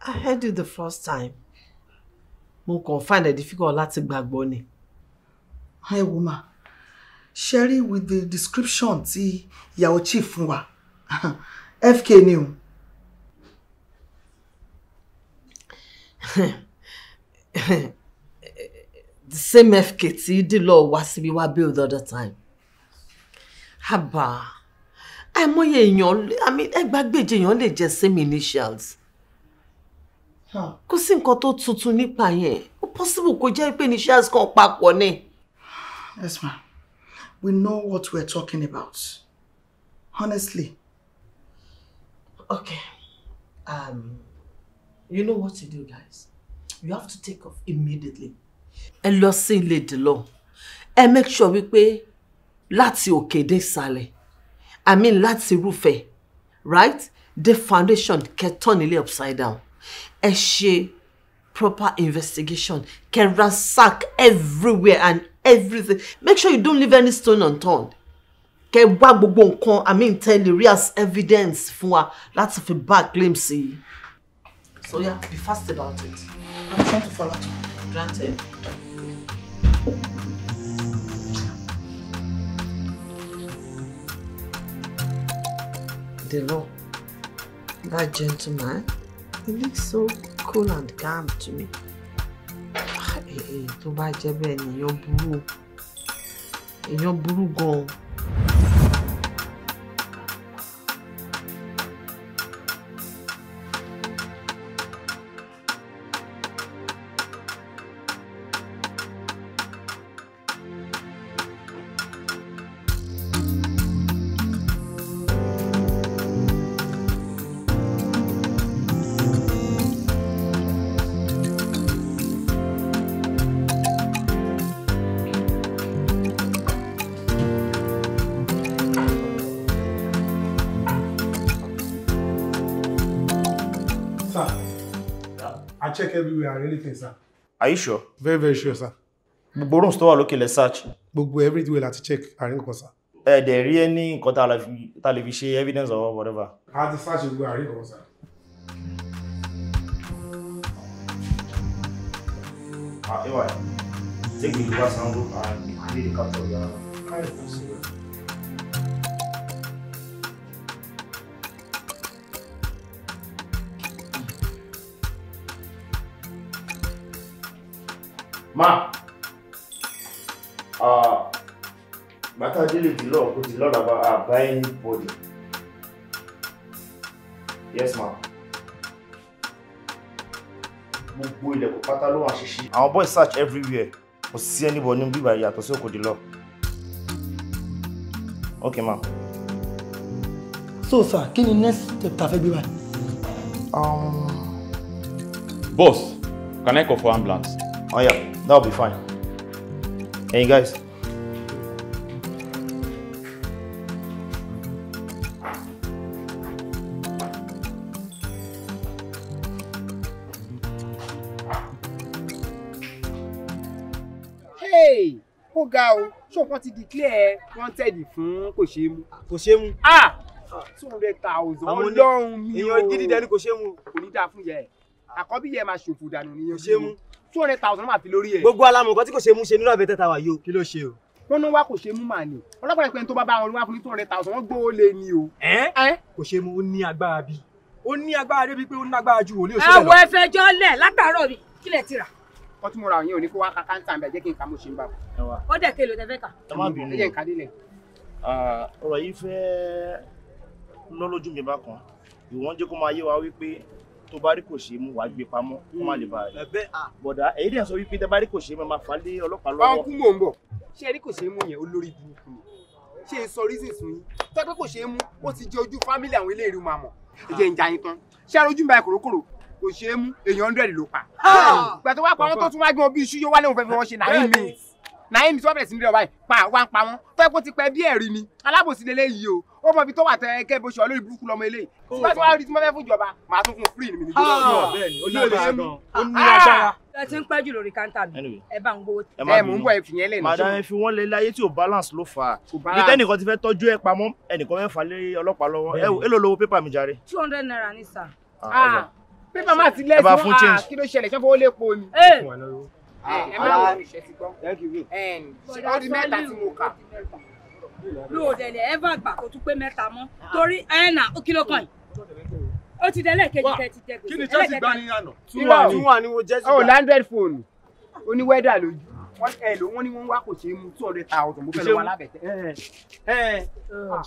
I heard you the first time. Mo kàn find it difficult láti bag, bunny. Hi, woman. Sherry with the description See, ìyàwó chief fún wa. FK new. the same FK See, the law was to be what bill the other time. Haba, I'm àìmọye young. I mean ẹgbàgbèje èèyàn lè just same initials kò sí nǹkan tó tuntun nípa yẹn ó possible kó jẹ́ pé ní shares kan papọ̀ ni. yes ma we know what we are talking about honestly. okay um, you know what to do guys you have to take off immediately. ẹ lọ sí ilé ìdìlọ ẹ make sure wípé láti òkè dé ìsàlẹ̀ i mean láti irúfẹ́ right the foundation kẹtọ́ nílé upside down ẹ proper investigation Can ransack everywhere and everything make sure you don't leave any stone unturned kẹ́ wá gbogbo nǹkan i mean tẹ́ lè rí as evidence fún wa láti fi back claim sí i so yeah be fast about it i'm trying to follow you granted. The law, that gentleman. He looks so cool and calm to me. Ah, eh, eh, tó bá jẹ́ bẹ́ẹ̀ ni èèyàn burú èèyàn burú gan-an. everywhere and anything sir. are you sure. very very sure sir. gbogbo rooms tó wà lókè lẹ search. gbogbo everywhere láti check àárín nǹkan sir. ẹ dẹ̀ rí any nǹkan tá a lè fi ṣe evidence or whatever. a ti search gbogbo àárín nǹkan sir. Ah, anyway, take the glass and look and clean the capture. Yeah. ma ah, bàtà délé ti lọ́ọ̀ kó ti lọ́ọ̀dà bá buying ẹni bọ̀dì yes ma gbogbo ilẹ̀kùn pátá ló wà ṣíṣí. àwọn boys search everywhere kò sí anybody ní bíbá yàtọ̀ sí òkòdì lọ. ok ma. so sir kí ni next step ta fẹ́ gbé báyìí. Um... boss can I call for ambulance. Oh, yeah. That'll be fine. hey, you guys. Hey, ó ga o, ṣé wọ́n ti declare wanted fún kò ṣe é mú? Kò ṣe Ah! two hundred thousand ọlọ́run mi o. èèyàn gidi dẹni kò ṣe é mú. Kò ní dáa fun yẹ. Àkọ́bí yẹ máa ṣòfò dànù ni yẹn. Kò ṣe two hundred thousand máa fi lórí ẹ̀. gbogbo alamọ̀kọ́ tí kò ṣe mú ṣe nínú àbẹ̀tẹ̀ tàwa yìí o kí ló ṣe o. wọ́n ní wá kò ṣe mú màá ní ọlọ́pàá ìpẹ́ni tó bá bá wọn wá fún ní two hundred thousand wọ́n gbówó lé ni o. ẹ ẹ kò ṣe mú ó ní agbára bí ó ní agbára débi pé ó ní agbára ju wòlíì òṣèlú lọ. àwọn ẹfẹ jọ lẹ látàárọ̀ mi kílẹ̀ ti rà. kọ́ tí mo ra òyìn òní kó wá ka káńtà bẹ̀ jẹ́ kí n kà mo ṣe ń bá wọn. ó dẹ̀ kí ló tẹ fẹ́ kà. ẹ jẹ́ nǹkan délẹ̀. ọ̀rọ̀ yìí fẹ́ lọ́lójú mi bákan ìwọ́n jẹ́ kó máa yé wa wípé tó bá rí kò ṣe mú wàá gbé pamọ́ kó má lè bàa rẹ̀ hmm, ah. bọ̀dà èyí dẹ̀ sọ wípé tẹ bá rí kò ṣe mú ẹ máa fà á lé ọlọ́pàá lọ́wọ́. báwọn kú mò ń bọ̀ ṣé rí kò ṣe mú yẹn olórí burúkú ni ṣé é sọ reasons fún yín tọ́pẹ́ kò ṣe é mú ó ti jẹ ojú fámílì àwọn eléèrú máa mọ̀ ẹ̀jẹ̀ ń yín tán ṣé arojú ń ba kòrókòrò kò ṣe é mú èèyàn hundred ló pa ah! gbàtọ́ wá pa wọn náà tí wọ́n bẹ̀rẹ̀ sí ní rẹ̀ wáyé pa wá pa wọ́n fẹ́ kó ti pẹ́ bí ẹ̀rí ni alábòsí lélẹ́ yìí o ó mọ ibi tó wà tẹ kẹ́ bó ṣe olórí burúkú lọmọ eléyìí tí wọ́n ti wá rí tí wọ́n fẹ́ fún ìjọba màá tún fún un free ni mi ah. ní bẹ́ẹ̀ ni ó ní ah. agbára ah. ẹ ti ń pẹ́ jù lórí káńtà mi ẹ bá ń gbowó tí. ẹ mò ń bọ̀ ẹfì yẹn lẹ́nu. madam ẹ fi wọ́n lé láyé tí ò balance ló fà á bí tẹ́nìkan ti fẹ́ tọ́jú ẹ pamọ́ ẹnìkan fẹ́ fà ọlọ́pàá lọ́wọ́ ẹ èló lówó pépà mi jàre. two hundred naira ni sà. pépà máa ti lẹ́sìn wá kí ló ṣẹlẹ̀ ṣé fowó lè po ni. Eh. Ah, ẹ má wọ oníṣẹ́ ti gbọ́ ọdún mẹ́ta tí mo kà. lóòdẹ̀ lẹ̀ ẹ́fà gbà kó tún pé mẹ́ta mọ́ ah. torí ẹ̀ nà ó kìlọ̀ kan yìí ó ti dẹ́lẹ̀ kejì tẹ́ ti jẹ gbèsè. two one oh landed phone oníwẹ́dà lójú wọ́n ẹ ló wọ́n ní wọ́n wá kò ṣe é mú two hundred thousand mo fẹ́ lọ wà lábẹ́tẹ̀.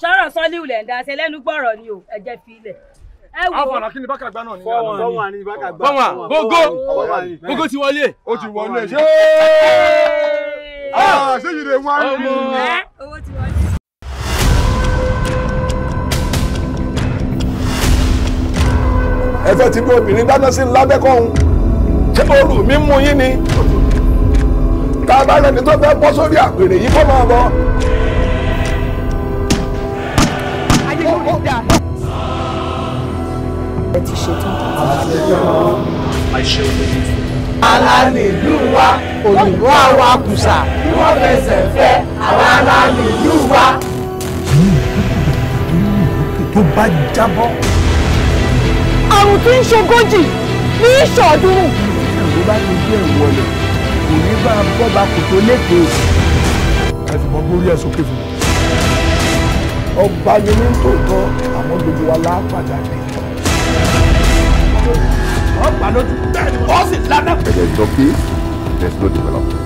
sọ̀rọ̀ sọ́ni ìlẹ̀ ń da ṣe lẹ́nu gbọ́rọ̀ ni o ẹ jẹ́ fi ilẹ̀ ẹ wo àfàlà kí ni bákà gbá náà ni fọwọn ni bákà gbá fọwọn gógó gógó ti wọlé ó ti wọlé ah, ṣé ṣé yìí lè wọ́n rí mi. owó ti wọlé. ẹ fẹ́ ti bí obìnrin dáná sí lábẹ́kọ̀ọ́hún ṣé oru mi mú yín ni tá a bá rẹni tó fẹ́ bọ́ sórí àpèrè yìí kọ́ máa bọ́. ayé yóò rí dáa ẹ ti ṣetán. alánìlú wa òyìnbó àwa kùsà bí wọ́n fẹsẹ̀ fẹ́ àwa alánìlú wa. tó bá jábọ́. àrùn tí ń ṣogójì ní ìṣọ̀dún. ẹ̀rù bá ti dé ìwọlẹ̀ kò ní bá a bọ́ ba kò tó lẹ́kọ̀ọ́. ẹ fi mọ gbórí ẹ̀ sókè fún mi ọba ni ní tòótọ́ àmọ́ gbogbo wa lápàdà ni ọ gbà lójú bẹ́ẹ̀ ni wọ́n sì lana. ẹ̀jẹ̀ jọ pé there is no development.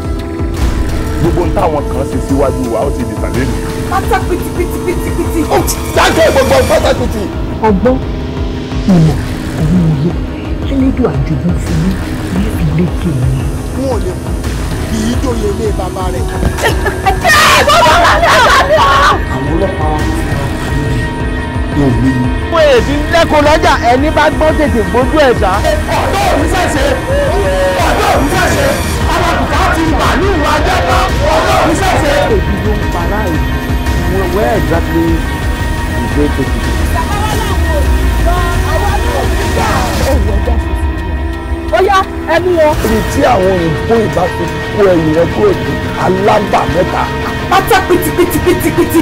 gbogbo ń táwọn kan ṣe síwájú wa ó ti di tàn lẹ́nu. pátá pitipitipitipiti. ó dákẹ́ gbogbo pátá piti. ọgbọ́n ìmọ̀ òun òye ẹlẹ́dùn àdìgún fún mi láti lè ké mi. wọn ò lè kú kì í dòye ilé bàbá rẹ. àwọn ọlọ́pàá wa ti sọ òní. mo èsì lẹ́kọ̀ọ́ lọ́jà ẹni bá gbọ́ tètè gbójú ẹ̀ sá. ọ̀dọ́ òní ṣẹ̀ṣẹ̀ ọ̀dọ́ òní ṣẹ̀ṣẹ̀ alábùkà ti bà ní ìwà jẹ́pá ọ̀dọ́ òní ṣẹ̀ṣẹ̀. èyí ló ń para èyí wọ́n wẹ́ exactly ìgbé tètè. ó yá ẹnu wọn. ibi tí àwọn òyìnbó ìbá fi kó ẹ̀yìn rẹ kúrò ní alágbà mẹ́ta. pátá pitipitipitipiti.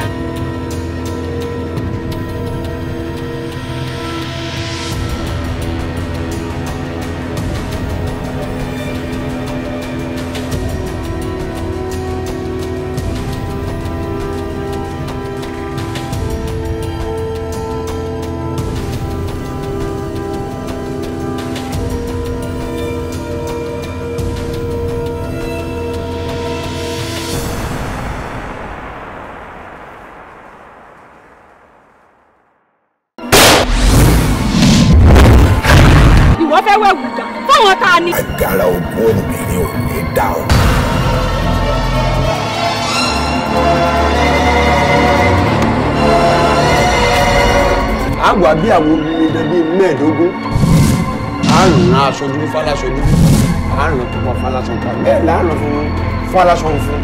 wà bí àwọn obìnrin dán bíi mẹ́ẹ̀ẹ́dógún àrùn aṣọ dúdú fáláṣọ dúdú àrùn púpọ̀ fáláṣọ pa bẹ́ẹ̀ láàrùn fún fáláṣọ fún.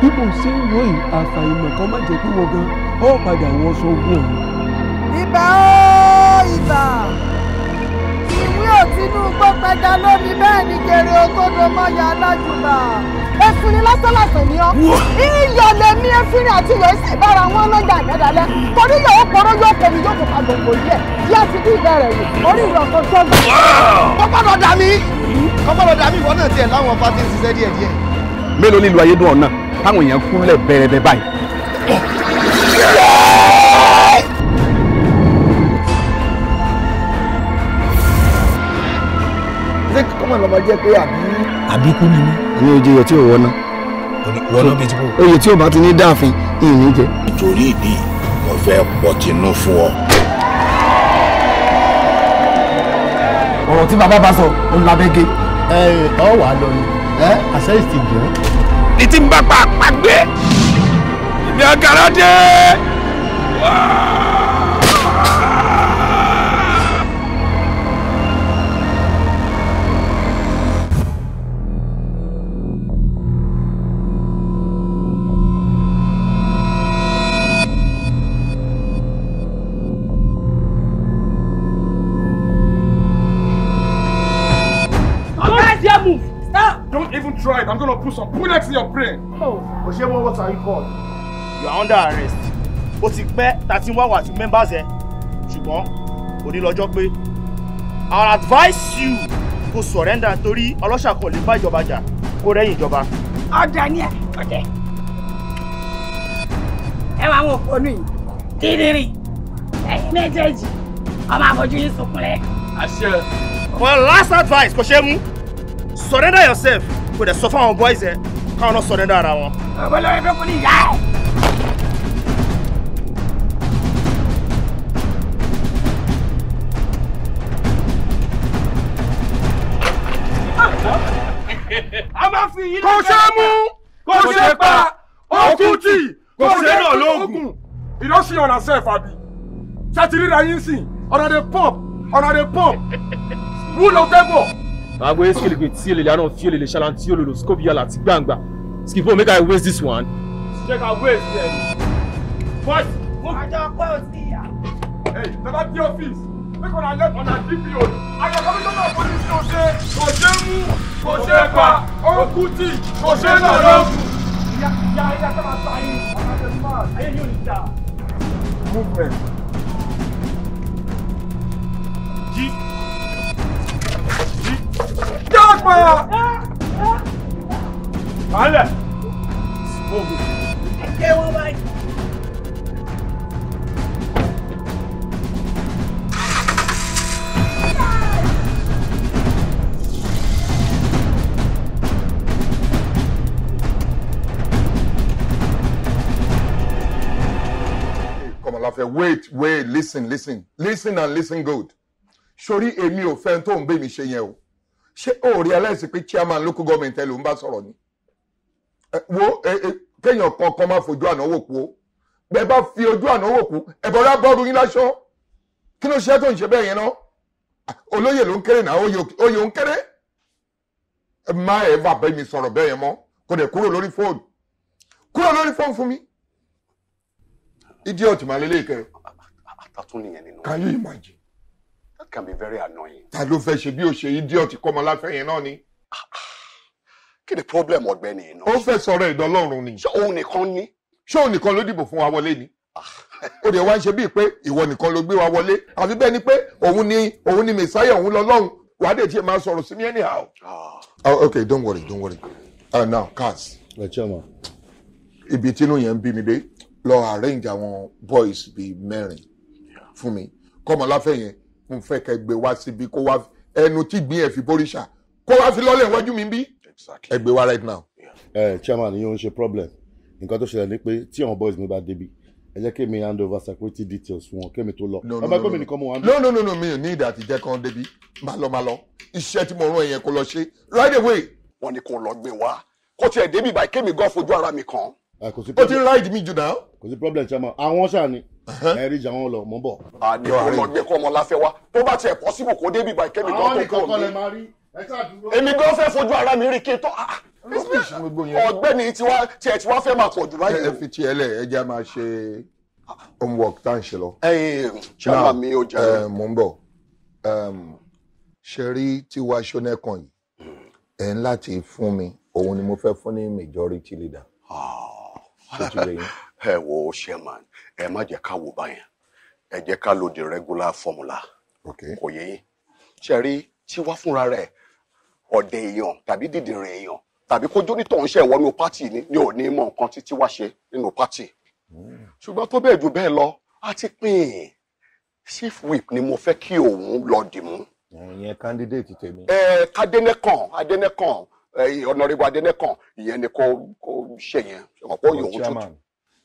bí mo ṣe ń wòye àfàìmọ̀ kan má jẹ́ pé wọ́n gan ọ́ padà wọ́n sọ ogún ọ̀hún. ibà ó ibà ìwé òtínú gbọ́pẹ́dá lómi bẹ́ẹ̀ ni kèrè òkòdó mọ́ya alájùbà efinrin lásán lásán ni ọ́ iyọ̀ lèmi efinrin àti iyọ̀ sì bára wọn lọ́jà ìdádálẹ́ torí iyọ̀ ó yóò kẹ́mi yóò kó pa yẹ kí á ti bí ìbẹ̀rẹ̀ yìí orí ìrọ̀ kan tó gbà. kọ́kọ́rọ̀ dà mí hmm? kọ́kọ́rọ̀ dà mí ìwọ náà tiẹ̀ láwọn ọba ti ń ṣiṣẹ́ díẹ̀ díẹ̀. mélòó nílùú ayédùn ọ̀nà táwọn èèyàn kú lẹ̀ bẹ̀rẹ̀ báyìí àbí kú ni mí. ní ojú iyọ̀ tí ò wọ́ná. wọ́ná bíi ti kú. oyè tí ò bá ti ní dáàfin ìní jẹ. nítorí ìdí mo fẹ́ pọ̀tínú fún ọ. ọ̀rọ̀ tí bàbá bá sọ ń labẹ́ gé. ẹ ọ wà á lọ ni àṣẹ ìsì gbọ́. ní tí n bá pa àpagbé ìbí agara dé. in your brain. Oh, Oshemo, what are you called? You are under arrest. Ó ti pẹ́ tá a ti ń wá wá sí members ẹ. Ṣùgbọ́n òní lọ́jọ́ I advise you to surrender torí ọlọ́ṣà kan lè bá ìjọba jà kó rẹ́yìn ìjọba. Ọ̀dà ni ẹ̀ ọ̀dẹ̀. Ẹ wá àwọn òpó nù yìí, dídìrín, ẹ̀yin méjèèjì, ọmọ àbójú yín sunkúnlẹ̀. Àṣẹ. For last advice, kò Surrender yourself kò the sọ fún boys Eh? káwọn náà sọ dẹ́dá ara wọn. ọ̀gbọ́n lọ́wọ́ ẹgbẹ́ kò ní ìyá ẹ̀. a máa fi yín. kò ṣe é mú kò ṣe é pa òkútì kò ṣe é nà lóògùn. you don see una ṣe ti ríra yín sìn ọ̀nà dey pump ọ̀nà dey pump rule of Mago is killing with seal, I don't feel it, shall and seal, scope yell at Ganga. Skipper, make I waste this one. Check our waste here. What? I don't close here. Hey, that's the office. Movement. Dagmar! Alle! Ẹ wọ́n báyìí. Kọmọláfẹ́ wait wait listen listen listen and listen good. Sori èmi ò fẹ́ tó ń bẹ́ mi ṣe yẹn o ṣé o realize pé chairman local government ẹ ló ń bá sọ̀rọ̀ ni wo kéèyàn kankan máa fojú ànáwó kú o bẹ́ẹ̀ bá fi ojú ànáwó kú ẹ̀bọ̀rá bọ́ọ̀rù yín láṣọ kí ló ṣe tó ń ṣe bẹ́ẹ̀ yẹn náà olóyè ló ń kéré náà oyè ó ń kéré má ẹ̀ bá bẹ́ mi sọ̀rọ̀ bẹ́ẹ̀ yẹn mọ́ kò dẹ̀ kúrò lórí fóònù kúrò lórí fóònù fún mi idiot màlélẹ́kẹ̀. àtàtún nìyẹn nínú. can you that can be very annoying. ta ló fẹ́ ṣe bí o ṣe idiot kọ́mọláfẹ́ yẹn náà ni. kí ni problem ọ̀gbẹ́ni iná. ó fẹ́ sọ̀rọ̀ ìdánlọ́run ni. ṣé òun nìkan ni. ṣé òun nìkan ló dìbò fún wa wọlé ni. Ah. ó dẹ̀ wá ń ṣe bíi pé ìwọ nìkan ló gbé wa wọlé àfi bẹ́ẹ̀ ni pé òun ni òun ni mẹ̀sáyà òun lọ lọ́hùn wàá dẹ̀ tiẹ̀ máa sọ̀rọ̀ sí mi anyhow. Ah. Oh, okay don't worry don't worry uh, now cars. ẹ ṣe ma. ibi tínú yẹn ń bí mi dé lọ arrange àwọn boys bíi mẹ́rin fún mi kọ́mọláfẹ́ yẹn mo fẹ́ kẹ́ gbé wá síbi kó wá ẹnu tí gbìn ẹ̀ bóríṣà kó wá fi lọ́lẹ̀ wájú mi bí ẹ wá right now. ẹ eh, chairman yóò ń ṣe problem nǹkan tó ṣẹlẹ̀ ni pé tí àwọn boys mi bá débi ẹ jẹ́ kí mi hand over security details wọn kí mi tó lọ ọmọ ẹgbẹ́ No, nìkan mo no no no mi ò ní ìdá àtijẹ́ kan débi má lọ má lọ iṣẹ́ tí mo rán ẹ̀yẹn kó lọ ṣe right away. wọ́n ní kó lọ gbé wá kó tiẹ̀ débi báyìí kémi gan fojú ara mi kàn. Ah, ó ti ń ride mi jù náà. kò sí problem chairman àwọn ṣáà ni ẹ rí ìjà wọn lọ mọ́ bọ̀. a kò lọ gbé kọ́ ọmọ láfẹ́ wá tó bá tiẹ̀ pọ́sibù kó débi ìbá ìkẹ́mi gan tó kọ́ mi. èmi gan fẹ́ fojú ara mi rí kí n tọ́ ah, ah. ọ̀gbẹ́ni tiẹ̀ tí wá fẹ́ máa pọ̀ jù báyìí. ẹ fi tiẹ̀ lẹ̀ ẹ jẹ́ máa ṣe homework tá n ṣe lọ. ṣáà mi ò jẹ́ mọ́ ń bọ̀ ṣe rí tiwa ṣọ́nẹ́kàn yìí ẹ̀ ń láti fún mi òun ni mo fẹ́ fún ní majority leader. Ah. ẹ wo chairman ẹ má jẹ́ ká wò báyẹn ẹ jẹ́ ká lo the regular formula kò yé yín ṣe rí Tiwa fúnra rẹ̀ ọ̀dẹ̀ èèyàn tàbí dìdìrìn èèyàn tàbí kójú onítọ̀hún ṣe ìwọ́nú pátì ni ni ò ní mọ nǹkan tí Tiwa ṣe nínú pátì hmm. ṣùgbọ́n tó bẹ́ẹ̀ jù bẹ́ẹ̀ lọ á ti pín in chief whip ni mo fẹ́ kí òun lọ dì mú. ìyẹn candidate tèmi. ẹ kádẹ́nẹ́kàn adẹ́nẹ́kàn ọ̀nàrẹ́bù adẹ́nẹ́kàn ìyẹn ni kò ṣe yẹn ọ̀pọ̀ yòówù tuntun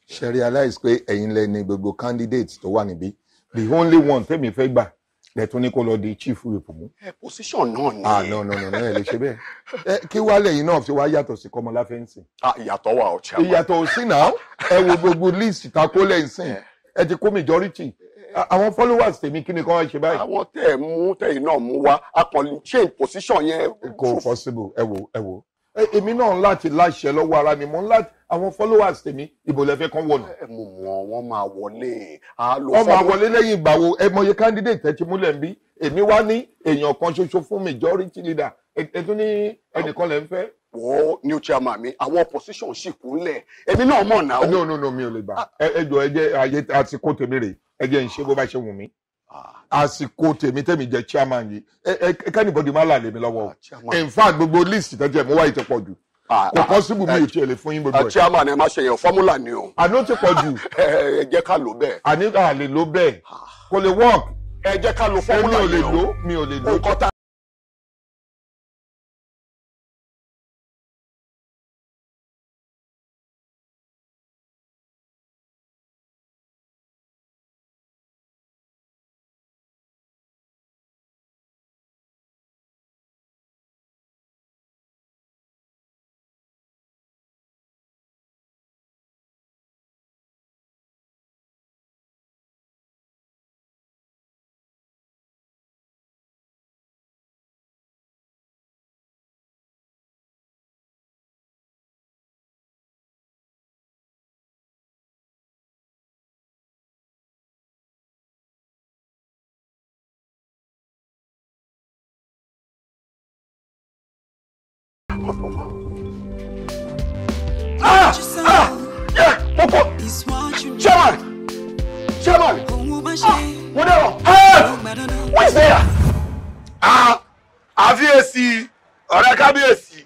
ṣe realize pé ẹ̀yin lẹ ni gbogbo candidate tó wà níbí the only one tẹ́mi fẹ́ gbà lẹ́tún ní kó lọ di chief whip mú. ẹ position náà ni. ah no no no ẹ lè ṣe bẹ́ẹ̀ ẹ kí wàá lẹ́yìn náà fi wá yàtọ̀ sí kọ́mọlá fẹ́ǹsì. ah ìyàtọ̀ wà ọ̀ chairman. ìyàtọ̀ sí náà ẹ wo gbogbo list takó lẹ́sìn ẹ ti kó majority àwọn followers tèmi kí ni kí wọ́n ṣe báyìí. àwọn tẹ ẹ mú tẹyìn náà mú wá a kàn change position yẹn. kò possible ẹ wo ẹ wo èmi náà láti láṣẹ lọ́wọ́ ara mi mo láti àwọn followers tèmi ìbò lẹ́fẹ́ kan wọ̀nà. ẹ mú wọn wọn máa wọlé. wọn máa wọlé lẹ́yìn ìgbàwo ẹ mọye candidate tẹ́ ti múlẹ̀ ń bí èmi wá ní èèyàn kan ṣoṣo fún majority leader ẹ tún ní ẹnìkan lẹ́ ń fẹ́. wọ́ new chairman mi àwọn opposition sì kú ńlẹ̀ èmi náà mọ̀ náà. no no no mi ò lè gbà ẹ jọ ẹ jẹ ayé àsìkò tèmi rè ẹ jẹ ń ṣe bó bá ṣe wù mí ah. àsìkò tèmi tèmi jẹ chairman yìí ẹ ẹ kẹ́nìbọ̀dì má là lèmi lọ́wọ́ ah, in fact gbogbo list tẹ́tí ẹ̀ mú wáyé ti pọ̀ jù Ah, kò ah, pọ́sibù mi ìtì eh, ẹ̀lẹ́ fún yín gbogbo eh, ẹ̀. chairman ẹ má ṣe yẹn fọ́múlà ni o. àná ti pọ̀ jù. Eh, ẹ jẹ́ ká lò bẹ́ẹ̀. àní ká lè lò bẹ́ẹ̀ ah. kò lè work. ẹ jẹ́ ká lo fọ́múlà yẹn o. èmi ò lè lò mi ò lè lò. kábíyèsí ọ̀rẹ́ kábíyèsí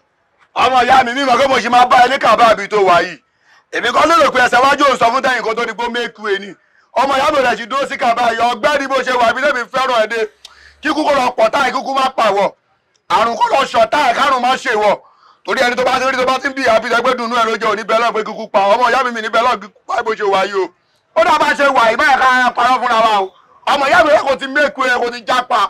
ọmọ ìyá mi mímọ kó mo ṣe máa bá ẹ ní kàbá àbí tó wà yìí èmi kan lérò pé ẹsẹ̀ wájú òun sọ fún tẹ̀yìn kan tó ní pé ó méku ẹ ní ọmọ ìyá mi rẹ̀ sì dúró sí kàbá yìí ọgbẹ́ ni mo ṣe wà bí lẹ́mi fẹ́ràn ẹ dé kíkú kó lọ pọ̀ táì kíkú má pàwọ̀ àrùn kó lọ ṣọ̀ táì kárùn má ṣe wọ̀ torí ẹni tó bá ti rí tó bá ti ń bí I dùnú ẹ lójó òní bẹ́ẹ̀ lọ́ọ̀ pé kíkú pa ọmọ ìyá mi mi ní bẹ́ẹ̀ lọ́ọ̀ kíkú pa bó ṣe wà yìí o ó dá bá ṣe wà yìí báyìí ká parọ́ fúnra wa o ọmọ ìyá mi rẹ̀ kò ti méku ẹ kò ti jápa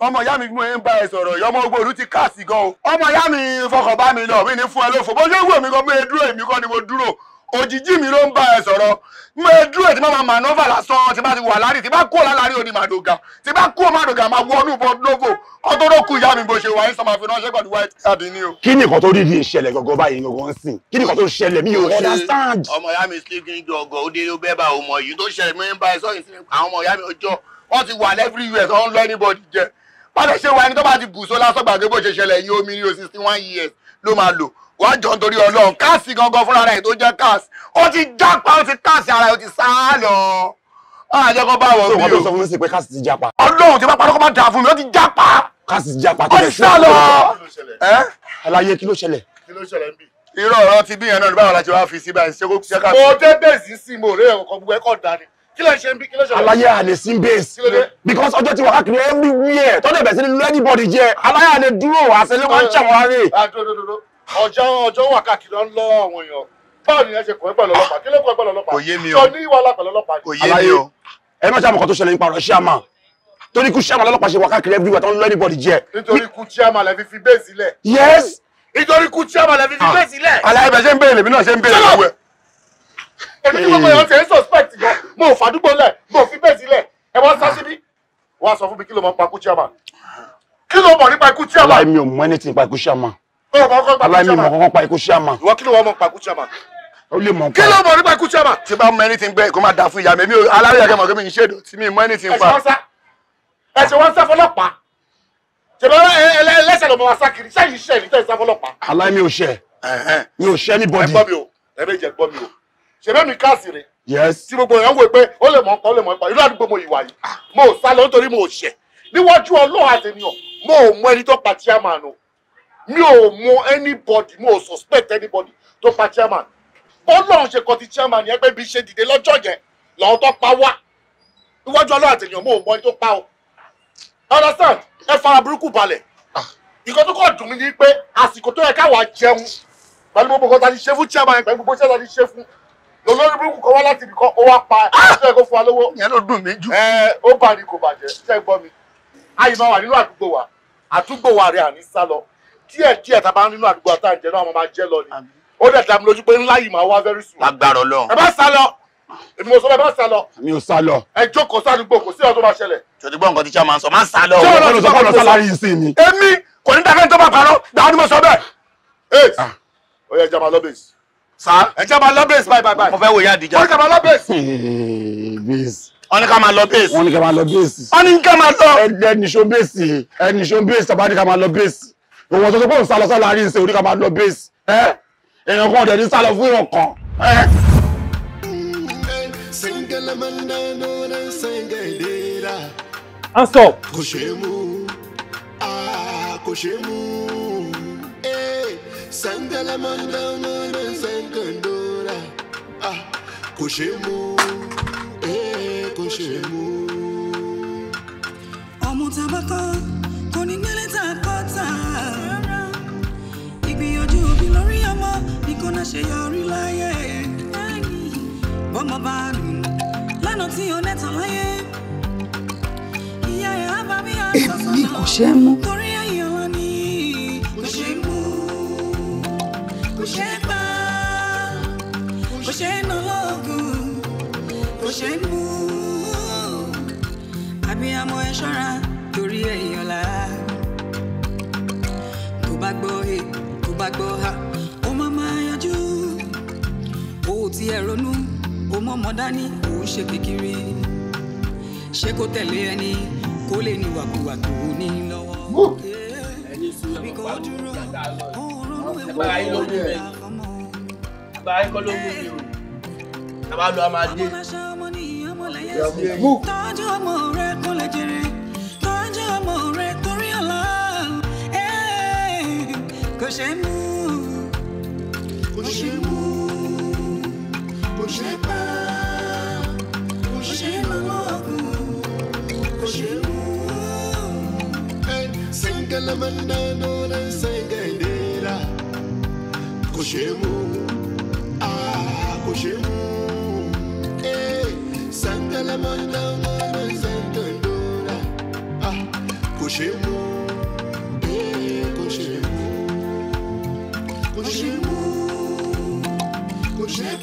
ọmọ ìyá mi bí mo ń bá ẹ sọ̀rọ̀ ìyá ọmọ ogbó òdu ti káàsì gan o ọmọ ìyá mi fọkàn bá mi lọ mi ní fún ẹ lófo bójú wù mí gan pé dúró èmi kọ́ ni mo dúró òjijì mi ló ń bá ẹ sọ̀rọ̀ mo dúró tí màmá manova lásán tí bá ti wà lárí tí bá kó lálárí òní màdògà tí bá kó màdògà máa wọ ọdún bọ lóko ọtọ́dọ̀ kú ìyá mi bó ṣe wà ń sọmọ àfihàn ṣẹ́ pẹ̀lú white card ni o. kí nìkan tó dídì ìṣẹ̀lẹ̀ gangan báyìí gangan sìn kí nìkan tó ṣẹlẹ̀ mi ò understand. ọmọ ìyá mi sí kí n gbọ̀ngàn ó dé ló bẹ́ẹ̀ bá òun mọ̀ yìí tó ṣẹlẹ̀ mi ń bá ẹ sọ́yìn sí àwọn ọmọ ìyá mi ọjọ́ wọ́n ti wà lẹ́fírí us ọ̀hún lọ anybody jẹ́ bàbá ṣe wa ẹni tó bá ti bù sọ lásán gbàgbé bó ṣe ṣẹlẹ̀ yín omi ní o sixty one years ló máa lò wọ́n jọ nítorí ọlọ́run káàsì gangan fúnra rẹ̀ tó jẹ́ káàsì ó ti jápa ó ti káàsì ara ó ti sá lọ àjẹkọ bá wọ bí o. wọ́n tó sọ fún mi sí pé káàsì ti jápa. ọlọ́run ti bá parọ́ kó má dáa fún mi ó ti jápa. káàsì ti jápa tó lè ṣe lọ. àlàyé kí ló ṣẹlẹ̀. kí ló ṣẹlẹ̀ ń bì irọ́ ọ̀rọ̀ ti bí kí ló ṣe ń base because ọjọ́ ti wà káàkiri everywhere tọ́lẹ̀ bẹ̀rẹ̀ sí ní lẹ́ni bọ́ọ̀dì jẹ aláyé àlè dúró àṣẹlẹ̀ wọn ń ṣàwárí. Ah, ọjọ́ ọjọ́ wà káàkiri ń lọ àwọn èèyàn báwo ni ṣe kọ́ ẹ pẹ̀lú kí ló kọ́ ẹ pẹ̀lú kò yé mi o ní ìwà alápẹ̀lú ọlọ́pàá kò yé mi o. ẹ má ṣàmùkọ́ tó ṣẹlẹ̀ nípa ọ̀rọ̀ ṣíàmà torí ikú ṣíàmà lọ́lọ́pàá ṣe wà káàkiri everywhere tó ń lọ anybody jẹ. nítorí ikú ṣíàmà lẹ́fi fi bẹ́ẹ̀ sílẹ̀. yes. nítorí ikú ṣíàmà lẹ́fi fi ah èmi tí gbogbo èèyàn suspect gan mo fàdúgbò lẹ̀ mo fi bẹ́ẹ̀ sílẹ̀ ẹ wọ́n sá síbí wọ́n sọ fún mi kí ló mọ̀ nípa ikú chairman kí ló mọ̀ nípa ikú chairman. pa ikú chairman. ìwọ kí ló wọ́n mọ̀ nípa ikú chairman. ó lè mọ̀ nípa. kí ló mọ̀ nípa ikú chairman. tí bá mọ̀ ẹni tí ń gbẹ kó má da fún ìyá mi mi ò alárẹ̀ kẹ́ mọ̀ kí mi ń ṣe èdò tí mi mọ̀ ẹni tí ń pa. ẹ̀sìn wọn sá fọlọ́pàá ṣèbá ẹlẹ́sẹ̀ ló anybody. ẹ gbọ́ mi o ẹ méjì ẹ gbọ́ mi o ṣèbẹ́ káàsì rẹ̀ yes. tí gbogbo èèyàn wò pé ó lè mọ̀ ọ́n ó lè mọ̀ ọ́n irú àdúgbò mo ìwà yìí mo ò sá nítorí mo ò ṣẹ̀ níwájú ọlọ́run àtẹnìyàn mo ò mọ ẹni tó pa chairman o mi ò mọ anybody mo ò suspect anybody tó pa chairman ọlọ́run ṣe kọ ti chairman yẹn pé bí ṣe dìde lọ́jọ́ yẹn lọ́wọ́ tó pa wá níwájú ọlọ́run àtẹnìyàn mo ò mọ ẹni tó pa o understand ẹ fara burúkú balẹ̀ ìkan ah. tó kọ̀ dùn mí ni pé àsìkò tó yẹ káwa jẹun pẹ̀lú gbogbo olórí burúkú kan wá láti ibì kan ó wá pa ah! ṣe kó fún wa lówó. ìyẹn ló dùn mí jù. ẹ ó bá ní kò bàjẹ́ ṣe gbọ́ mi ayé máa wà nínú àdúgbò wa àdúgbò wa rẹ̀ àní sá lọ díẹ̀ díẹ̀ tá a bá ń nínú àdúgbò àtàǹjẹ náà máa jẹ́ lọ ni ó dẹ̀ dàmú lójú pé ńlá yìí máa wá very soon. lágbára Ọlọ́run. ẹ bá sá lọ èmi ò sọ bẹ́ẹ̀ bá sá lọ. mi ò sá lọ. ẹ jókòó sádùúgbò kò sí ọdún máa ṣẹlẹ̀. jòdì gbọ́ nǹkan tí chairman sọ máa ń sá lọ. ṣé ọlọ́run sọ fọlọ sálárì yìí sí mi. èmi kò ní dákẹ́ tó bá parọ́ dáhùn ni mo sọ bẹ́ẹ̀. Ah. ó yẹ jama lọ́bẹ̀ẹ́sì sa. ẹ jẹ́ máa lọ base bye. báyìí. mo fẹ́ wo ìyá àdìjà. wọ́n ní ká máa lọ base. base. wọ́n ní ká máa lọ base. wọ́n ní ká máa lọ base. wọ́n ní ká máa lọ. ẹni ṣó base ẹni ṣó base tàbá ní ká máa lọ base. òun ọ̀sán tó kọ́ sálọ sálọ àárín ìṣe òní ká máa lọ base. èèyàn kan ọ̀dẹ̀ ní sálọ fún èèyàn kan. hands kò ṣe é mú ah, kò ṣe é mú sangala manda mwana sangandora ah koshemu eh koshemu ọmọtabakọ kò ní nílé tá a kọ́ tà ìgbìyànjú òbí lórí ọmọ ni kò náà ṣe yọrí láyé bọ́mọ bá lù lánàá tí o nẹ́tàn láyé ìyá ẹ̀ á bá bí a sọ sọ́nà torí. ṣe ń lọ́gùn kò ṣe ń mú abiyamọ ẹ ṣọ́ra he tó ha ó má má o ò tiẹ̀ o mama dani, o ń ṣe kékeré ṣé kó tẹ̀lé ẹni kó lè ní wàkúwà tó ní lọ́wọ́ bí kò tàbá lọ àmà dé. tọ́jú ọmọ rẹ kó lè jèrè tọ́jú ọmọ rẹ torí ọ̀la kò ṣe mú kò ṣe mú kò ṣe pa kò ṣe lọ́wọ́ ọ̀gùn kò ṣe mú. Sangalamandano na sangaidera Koshemu Ah, Koshemu Santa la montaña, Santa Endora. Ah, Kushemu, eh, Kushemu, Kushemu, Kushemu.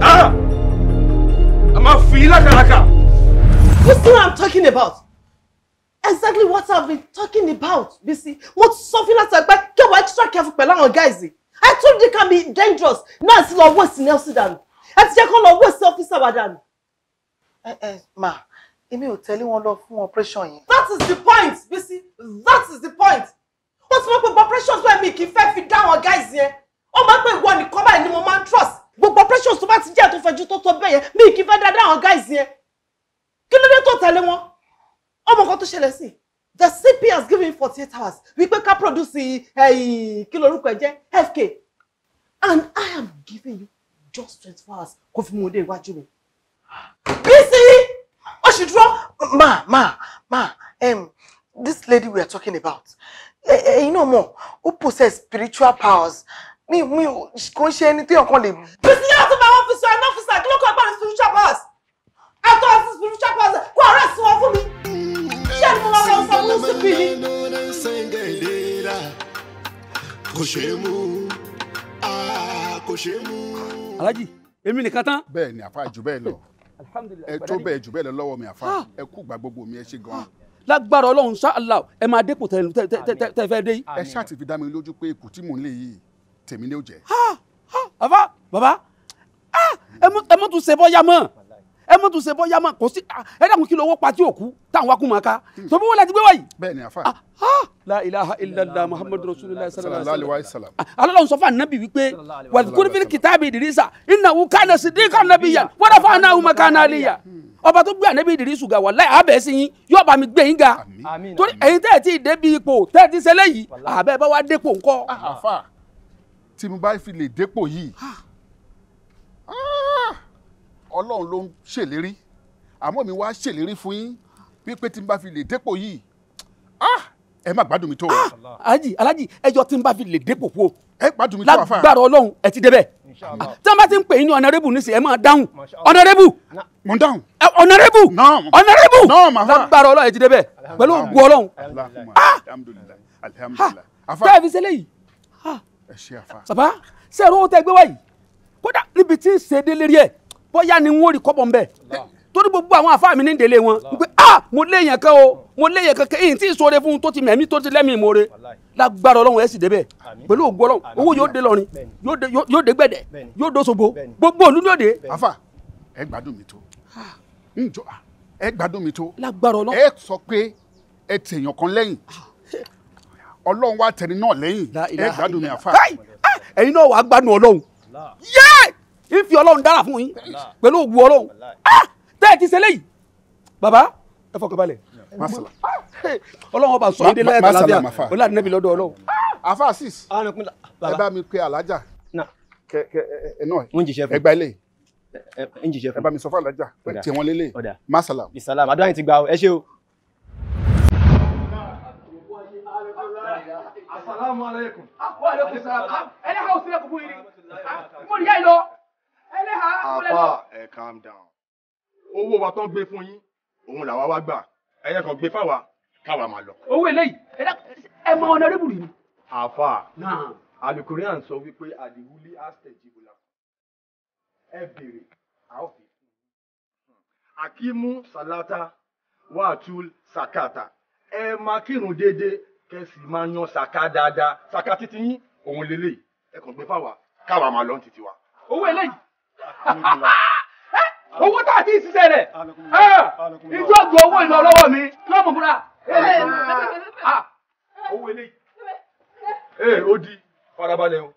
Ah, I'm a máa fi you see what i'm talking about exactly what i've been talking about Bisi mo ti sọ fún láti ẹgbẹ́ kẹwàá extra careful pẹ̀lú àwọn guys i told you can be dangerous Now it's not worse Nelson dànù ẹ ti jẹ́ kó lọ wọ́ọ̀sì ọ́fíìsì àwàdànù. ẹ ẹ máa èmi ò tẹ̀lé wọn lọ fún operation yẹn. that is the point Bisi that is the point ó ti mọ̀ pé gbogbo precious wẹ̀ mi kì í fi dá àwọn guys yẹn ó máa ń pè ìwọ nìkan báyìí ni mo máa trust gbogbo precious tó bá ti jẹ́ tó fẹjú tó tó bẹ́ẹ̀ yẹn mi kì í fẹ́ dá àwọn guys yẹn kí ló dé tó tẹ̀lé wọn ọmọ kan tó ṣẹlẹ̀ sí the CP has given forty eight hours wípé ká produce eh, kí lorúkọ ẹ jẹ́ FK and I am giving you just twenty four hours kó fi mú un dé iwájú mi. Bísí ó sì dúró. Ma ma ma um, this lady we are talking about Eh, eh, you know, mọ̀ ó possess spiritual powers Me, me, kò ń ṣe ẹni tí ọ̀kan lè. bísí yóò tún my wọn fi sọ ẹ náà fi sàkí lóko spiritual powers I àtọ́ àti spiritual powers Go arrest ẹ̀sìn for me. mi ṣé ẹni mo máa lọ sọ fún síbi ni. kò bẹ́ẹ̀ ni àfa jù bẹ́ẹ̀ lọ ẹ tó bẹ́ẹ̀ jù bẹ́ẹ̀ lọ lọ́wọ́ mi àfa ẹ kú gbà gbogbo mi ẹ ṣe gan lágbára ọlọ́run ṣá Allah ẹ máa dépò tẹ fẹ́ dé yìí. ẹ ṣáà ti fi dá mi lójú pé ikú tí mò ń lè yìí tèmi ni ó jẹ. bàbá bàbá ẹ mọ̀ tún ṣe bọ́ yá mọ́ ẹ mọ tún ṣe bọ yá kò sí ah, ẹ dàkún kí lówó pa òkú táwọn wákùn máa ká tó bí wọn gbé wáyìí. bẹ́ẹ̀ni afa. Ah, ah, la ilaha illallah muhammadu rasulillah sallallahu alaihi wa sallam. alọ́lọ́run sọ fún anabi wípé wàlúkúrú kìtàbí ìdírísà iná wù ká náà sídìí kan náà yà wọ́n fún aná wù màkà náà yà. ọba tó gbé anabi ìdírísù ga wàláì abẹ́ sí yín yóò bá mi gbé yín ga. torí ẹ̀yin tẹ́ ẹ̀ ti dé bí ipò tẹ́ ẹ̀ ti ṣẹlẹ̀ yìí àbẹ́ bá wá dépò ńkọ́. àfa tí mo bá fi lè dépò yìí ọlọ́run ló ń ṣèlérí àmọ́ mi wá ṣèlérí fún yín wípé tí n bá fi lè dépò yìí ah, ẹ má gbádùn mi tó o. Ah, alájì alájì ẹjọ tí n bá fi lè dépò kú o. ẹ gbádùn mi tó àfáà. lágbára ọlọ́run ẹ ti débẹ̀. tí wọ́n bá ti ń pè yín ní ọ̀nàrẹ́bù nísìnyí ẹ máa dáhùn ọ̀nàrẹ́bù. mo ń dáhùn. ọ̀nàrẹ́bù eh, ọ̀nàrẹ́bù lágbára ọlọ́run ẹ ti débẹ̀ pẹ̀lú ògùn ọlọ́run. bẹ́ẹ̀ ah! fi sẹ́lẹ̀ yìí. ẹ ṣe àfa. sàbá sẹ́ẹ̀rù ó tẹ gbé bóyá ni wọ́n rí kọ́bọ̀ ń bẹ̀ torí gbogbo àwọn àfáà mi ní ìdílé wọn wípé ah mo léèyàn kan o mo léèyàn kan kẹ́yìn tí ìṣòro fún un tó ti mẹ̀mí tó ti lẹ́mìí ìmoore lágbára ọlọ́run ẹ̀ sì débẹ̀ pẹ̀lú ògo ọlọ́run owó yóò dé lọrin yóò dé gbẹ̀dẹ̀ yóò dé Òṣogbo gbogbo òlú ni ó dé. afa ẹ gbádùn mi tó njọ ah. ah, ẹ gbádùn mi tó lágbára ọlọ́run ẹ sọ pé ẹ tèèyàn kan lẹ́yìn ah. ọlọ́run wa tẹ̀rín náà lẹ́yìn ẹ gbádùn mi àfa. ẹ̀yin náà wàá gbádùn ọlọ́run yẹ́ẹ̀ ìfi ọlọ́run dára fún yín pẹ̀lú ògùn ọlọ́run ah! tẹ́ ẹ ti ṣe léyìí bàbá ẹ fọkàn balẹ̀ ọlọ́run ọba sọ yín dé láyé tàlàfíà ọlọ́run nẹ́bí lọ́dọ̀ ọlọ́run. afa ah! asis ah, ẹ bá mi pe alájà kẹ kẹ ẹ náà ẹ gba ilé ń jíṣẹ́ fún. ẹ bá mi sọ fún alájà pé tiẹ̀ wọn lélẹ̀ masalam. bisalam adúláyìn ti gba ọ ẹ ṣé o. asalaamualeykum. wa aleykum salaam. ẹ ní ká o sílẹ̀ kúkú yìí. mo ní yá yìí lọ àfà ẹ calm down owó wa tán gbé fún yín òun làwa wá gbà ẹyẹ kan gbé fáwa káwa máa lọ. owó eléyìí ẹ mọ ọ̀nà rẹ́bùrì ni. àfà alukurian sọ wípé àdìwúlí àstẹjì bùlà ẹ béèrè a fi fún un. akimu salata wàtúl sakata ẹ máa kírun déédéé kẹsì máa yan saka dáadáa saka títí yín òun lélẹyìí ẹ kàn gbé fáwa káwa máa lọ títí wa. owó eléyìí owó tá a ti ṣiṣẹ́ rẹ̀ ah! ìjọ ju owó ìlọ lọ́wọ́ mi lọ́mọ búra ah! owó eléyìí ee ó di farabalẹ̀ o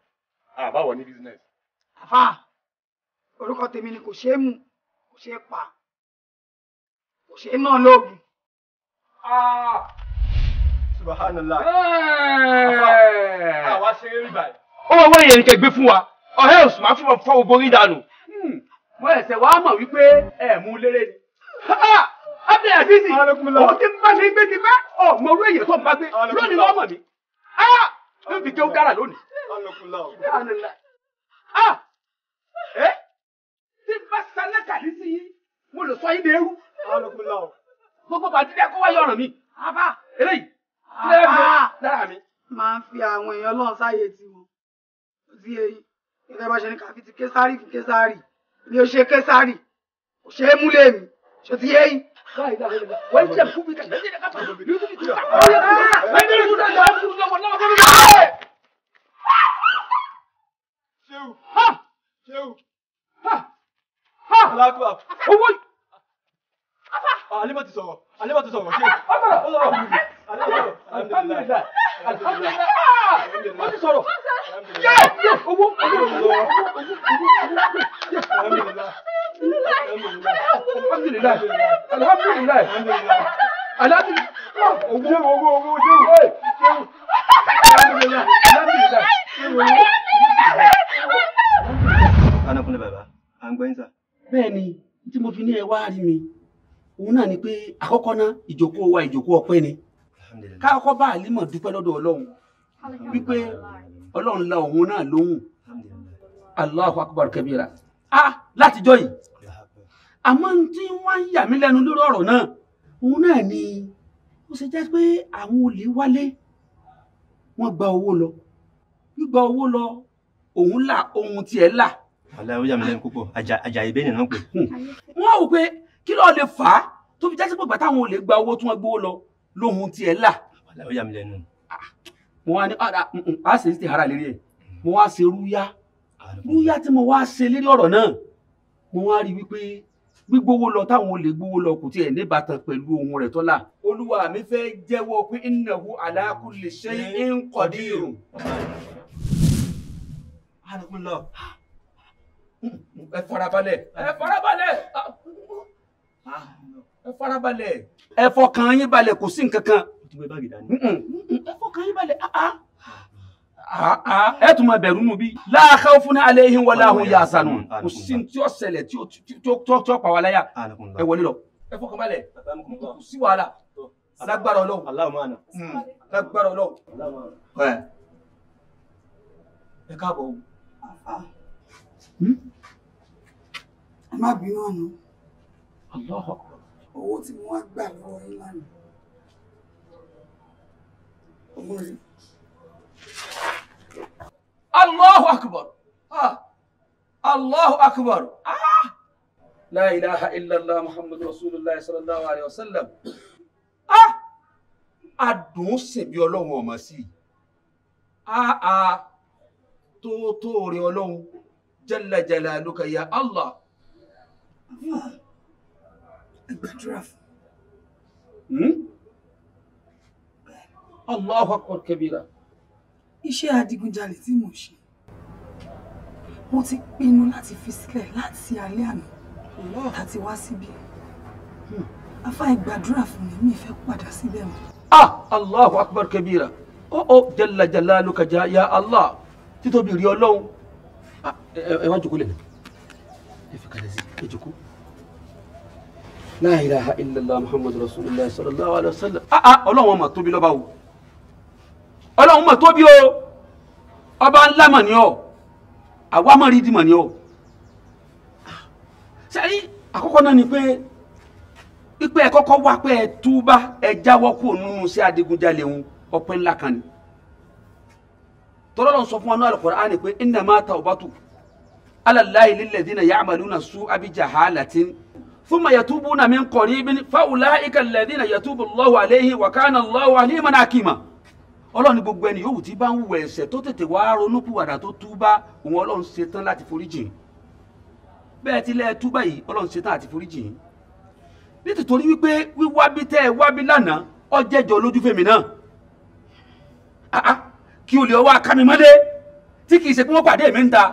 àbáwọ̀ ní business. àfà orúkọ tèmi ni kò ṣeé mu kò ṣeé pa kò ṣeé náà lóògùn. Ah! subhanallah àwa ṣe é rí báyìí. ó wá wáyé ẹni kẹgbẹ́ fún wa ọ̀hẹ́ òsùnmá fún ọ fọ́ ogorí dànù mo ẹsẹ̀ wàá mọ̀ wípé ẹ̀ mú ni. abdul aziz o ti bá mi gbé ti bá ọ èyí tó ń bá gbé lónìí wọ́n mọ̀ mi. n fi kéwú dára lónìí. ẹ tí n bá sálẹ̀ kàlí sí yín mo lè sọ yín dé eru. gbogbo bàtídé kó wáyé ọ̀ràn mi. àbá eléyìí tí ẹ bí dára mi. máa ń fi àwọn èèyàn lọ́n sáyé tiwọn. ó ti yẹ yín gẹ́gẹ́ bá ṣe ní káfíńtì késárì fún késárì mi ò ṣe kẹsàrì kò ṣe é múlẹ̀ mi ṣe ti yẹ yín. wọ́n jẹ́ fún mi kàtà jẹ́ kàtà lórí mi ti ta ọ̀rọ̀ yẹn kúrò náà ẹni ìlú náà lọ́wọ́ fún mi lọ́wọ́ lọ́wọ́ fún mi. ṣéwù ṣéwù alákùá owó yìí. alẹ́ bá ti sọ̀rọ̀ alẹ́ bá ti sọ̀rọ̀ ṣéwù. alẹ́ bá ti sọ̀rọ̀ alẹ́ bá ti sọ̀rọ̀ ó ti sọ̀rọ̀ yẹ yẹ owó owó owó alhamdulilayi alhamdulilayi alhamdulilayi owó owó owó ṣéwù ṣéwù alhamdulilayi alhamdulilayi ṣéwù owó. anakunle bàbá à ń gbẹ́yìn sá. bẹ́ẹ̀ni tí mo fi ní ẹ wá rí mi òun náà ni pé àkọ́kọ́ ná ìjókòó wa ìjókòó ọpẹ́ ni káàkọ́ bá àlímọ̀ dúpẹ́ lọ́dọ̀ ọlọ́run wípé ọlọ́run la òun náà lóhùn Allahu akbar kabira ah látijọ́ yìí àmọ́ tí wọ́n ń yà mí lẹ́nu lórí ọ̀rọ̀ náà òun náà ni ó ṣe jẹ́ pé àwọn olè wálé wọ́n gba owó lọ gbígba owó lọ òun là ohun tiẹ̀ là. aláwo yà mí lẹ́nu púpọ̀ Àjàyí bẹ́ẹ̀ nìyẹn pé. Hmm. wọ́n wò pé kí ló lè fà á tó fi jásí pé gbàtà àwọn olè gba owó tí wọ́n gbowó lọ lóhun tiẹ̀ là. ó yà mí lẹ́nu. Ah, mo wá ní ah, ah, mm, mm, a ṣe ti hara lérí ẹ̀ mm. mo wá ṣe rúyá rúyá tí mo wá ṣe lérí ọ̀rọ̀ náà mo wá rí wípé gbígbówó lọ táwọn olè gbówó lọ kò tiẹ̀ níbàtàn pẹ̀lú ohun rẹ̀ tọ́lá. olúwa mi fẹ́ jẹ́wọ́ pé innahu ala kulli shay'in qadir. ẹ farabalẹ̀ ẹ farabalẹ̀ ẹ farabalẹ̀ ẹ fọkàn yín balẹ̀ kò sí nǹkan kan ẹ fọkàn yín balẹ̀ ah, ah. Ah, ẹ tún máa bẹ̀rù nù bí láàkà fún ní alẹ́ yìí wọlé àwọn yà sànù kò sí tí ó ṣẹlẹ̀ tí ó pa wà láyà ẹ wọlé lọ ẹ fọkàn balẹ̀ kò sí wàhálà lágbára Ọlọ́run mm. lágbára Ọlọ́run ẹ káàbọ̀ o. Hmm? ẹ má bínú àná. Allahu akbar owó tí mo wá gbà lọ́wọ́ yín lánàá ọmọ rẹ. Allahu akbar ah Allahu akbar ah la ilaha illallah muhammadu rasulillah sallallahu alayhi wa sallam ah! adùn ṣèbí ọlọ́run ọmọ sí i ah, ah. tó tó rẹ ọlọ́run jalla jalaluka ya Allah. الأطراف hmm? Allahu akbar kabira. Iṣẹ́ adigunjalè tí mò ń ṣe. Mo ti pinnu láti fi sílẹ̀ láti alẹ́ àná láti wá síbí. Afá ìgbàdúrà fún mi, mi fẹ́ padà síbẹ̀ mọ́. Ah! Allahu akbar kabira. Ó oh, ó oh, jalla jalaluka ya Allah títóbi rí Ọlọ́run. Ah, ẹ wá jòkó lẹ̀. Ẹ fi kalẹ̀ sí, ẹ jòkó la ilaha illallah muhammadu rasulillah sallallahu alayhi wa sallam ah ah ọlọ́run mà tóbi lọ́ba o ọlọ́run mà tóbi o ọba ńlá mà ní ọ àwa mà rí di mà ní ọ. sẹ́rí àkọ́kọ́ náà ni pé pípẹ́ ẹ kọ́kọ́ wá pé ẹ túbá ẹ jáwọ́ kúrò nínú sí adigunjalè ń ọpẹ́ ńlá kan ni tọ́lọ́run sọ fún wa ní al-Qur'ani pé innama tawbatu ala Allahi lilladhina ya'maluna su'a bijahalati. thumma yatubuna min qaribin fa ulaika alladhina yatubu Allahu alayhi wa kana Allahu aliman hakima ní gbogbo ẹni yòówù tí bá ń wù ẹ̀ṣẹ̀ tó tètè wá tó òun ọlọ́run ṣetán láti ti lẹ́ẹ̀ túbá yìí ọlọ́run ṣetán àti foríjìn nítorí wípé wíwábí wábí lánàá lójú fèmí náà kí olè tí kì í ṣe pé pàdé mi ń ta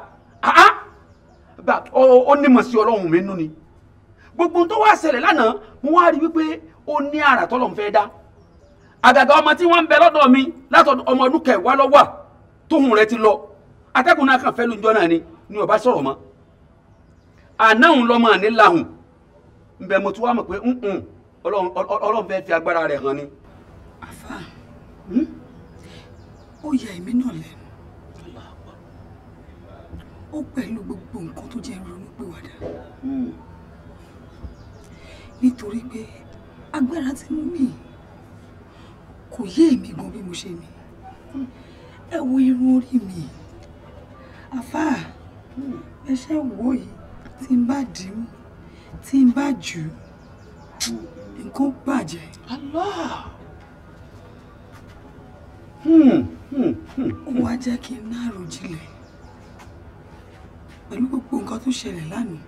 ó ní sí ọlọ́run mi nú ni. gbogbo tó wá ṣẹlẹ̀ lánàá mo wá rí wípé ó ní àrà tọ́lọ̀ ń fẹ́ dá àgàgà ọmọ tí wọ́n ń bẹ lọ́dọ̀ mi látọ̀dọ̀ ọmọ ọdún kẹwàá lọ́wọ́ rẹ ti lọ atẹ́kùn náà kàn náà ni ni ọba sọ̀rọ̀ mọ́ ànáhùn lọ́mọ ní làhùn ǹbẹ̀ mo tún wá mọ̀ pé ọlọ́run fi agbára rẹ̀ ni. àfà hmm? ó yà èmi náà lẹ́nu ó pẹ̀lú gbogbo nǹkan tó jẹ́ nítorí pé agbára tí mo ní kò yé èmi gan bí mo ṣe ní ẹ wo irun orí mi àfà ẹ ṣe wò yìí tí n bá dì í tí n bá jù ú nǹkan bàjẹ́. Allah. ó wá jẹ́ kí n ná àròjinlẹ̀ pẹ̀lú gbogbo nǹkan tó ṣẹlẹ̀ lánàá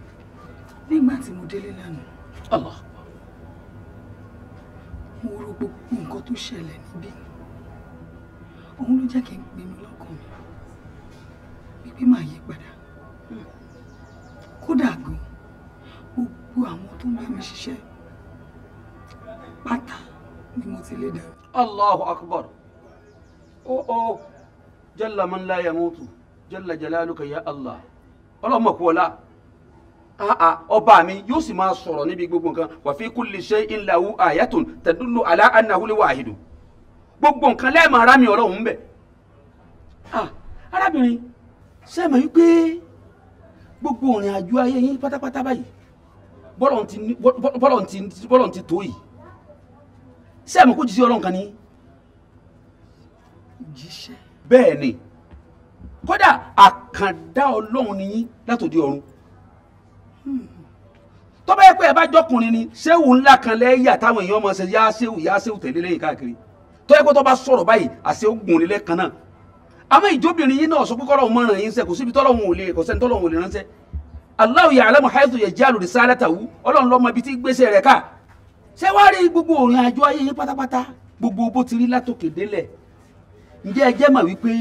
nígbà tí mo délé lánàá mo ro gbogbo nǹkan tó ṣẹlẹ̀ níbí òun ló jẹ́ kí n pinnu lọ́kàn mi wípé màá yí padà kódà gan gbogbo àwọn tó ń bá mi ṣiṣẹ́ pátá ni mo ti lè dà. allahu akbar o o jalla man la yamutu jalla jalaluka ya allah ọlọmọkùọlá. Ah, ah, ọba mi yóò sì máa sọ̀rọ̀ níbi gbogbo nǹkan wa fi kulli shay'in lahu ayatun tadullu ala annahu al-wahidu gbogbo nǹkan lẹ́ẹ̀mọ̀ ara mi ọlọ́run ń bẹ̀. Ah, arábìnrin sẹ́mi wípé gbogbo ìrìn àjò ayé yín pátápátá báyìí bọ́lọ̀ ti tó yìí sẹ́mi kó jíṣẹ́ ọlọ́run kan ní. jíṣẹ́. bẹ́ẹ̀ ni kódà àkàndá ọlọ́run ni látòdì ọ̀run tó bá yẹ pé ẹ bá jọkùnrin ni séwù ńlá kan lẹ́yà táwọn èèyàn máa ṣe yá séwù yá séwù tẹ̀lé lẹ́yìn káàkiri tó yẹ pé tó bá sọ̀rọ̀ báyìí àṣegun nílẹ̀ kan náà àmọ́ ìjóbìnrin yìí náà sọ pé kọ́lọ́hún máa yín sẹ́ kò síbi tọ́lọ́hún ò lè kò sẹ́ni tọ́lọ́hún ò lè ránṣẹ́ Allahu ya'lamu haythu yaj'alu risalatahu ọlọ́run lọ́mọ ibi tí gbéṣẹ́ rẹ̀ ká ṣé wàá rí gbogbo òrìn àjò ayé yín pátápátá gbogbo bó ti rí látòkè délẹ̀ ǹjẹ́ ẹ jẹ́ mà wípé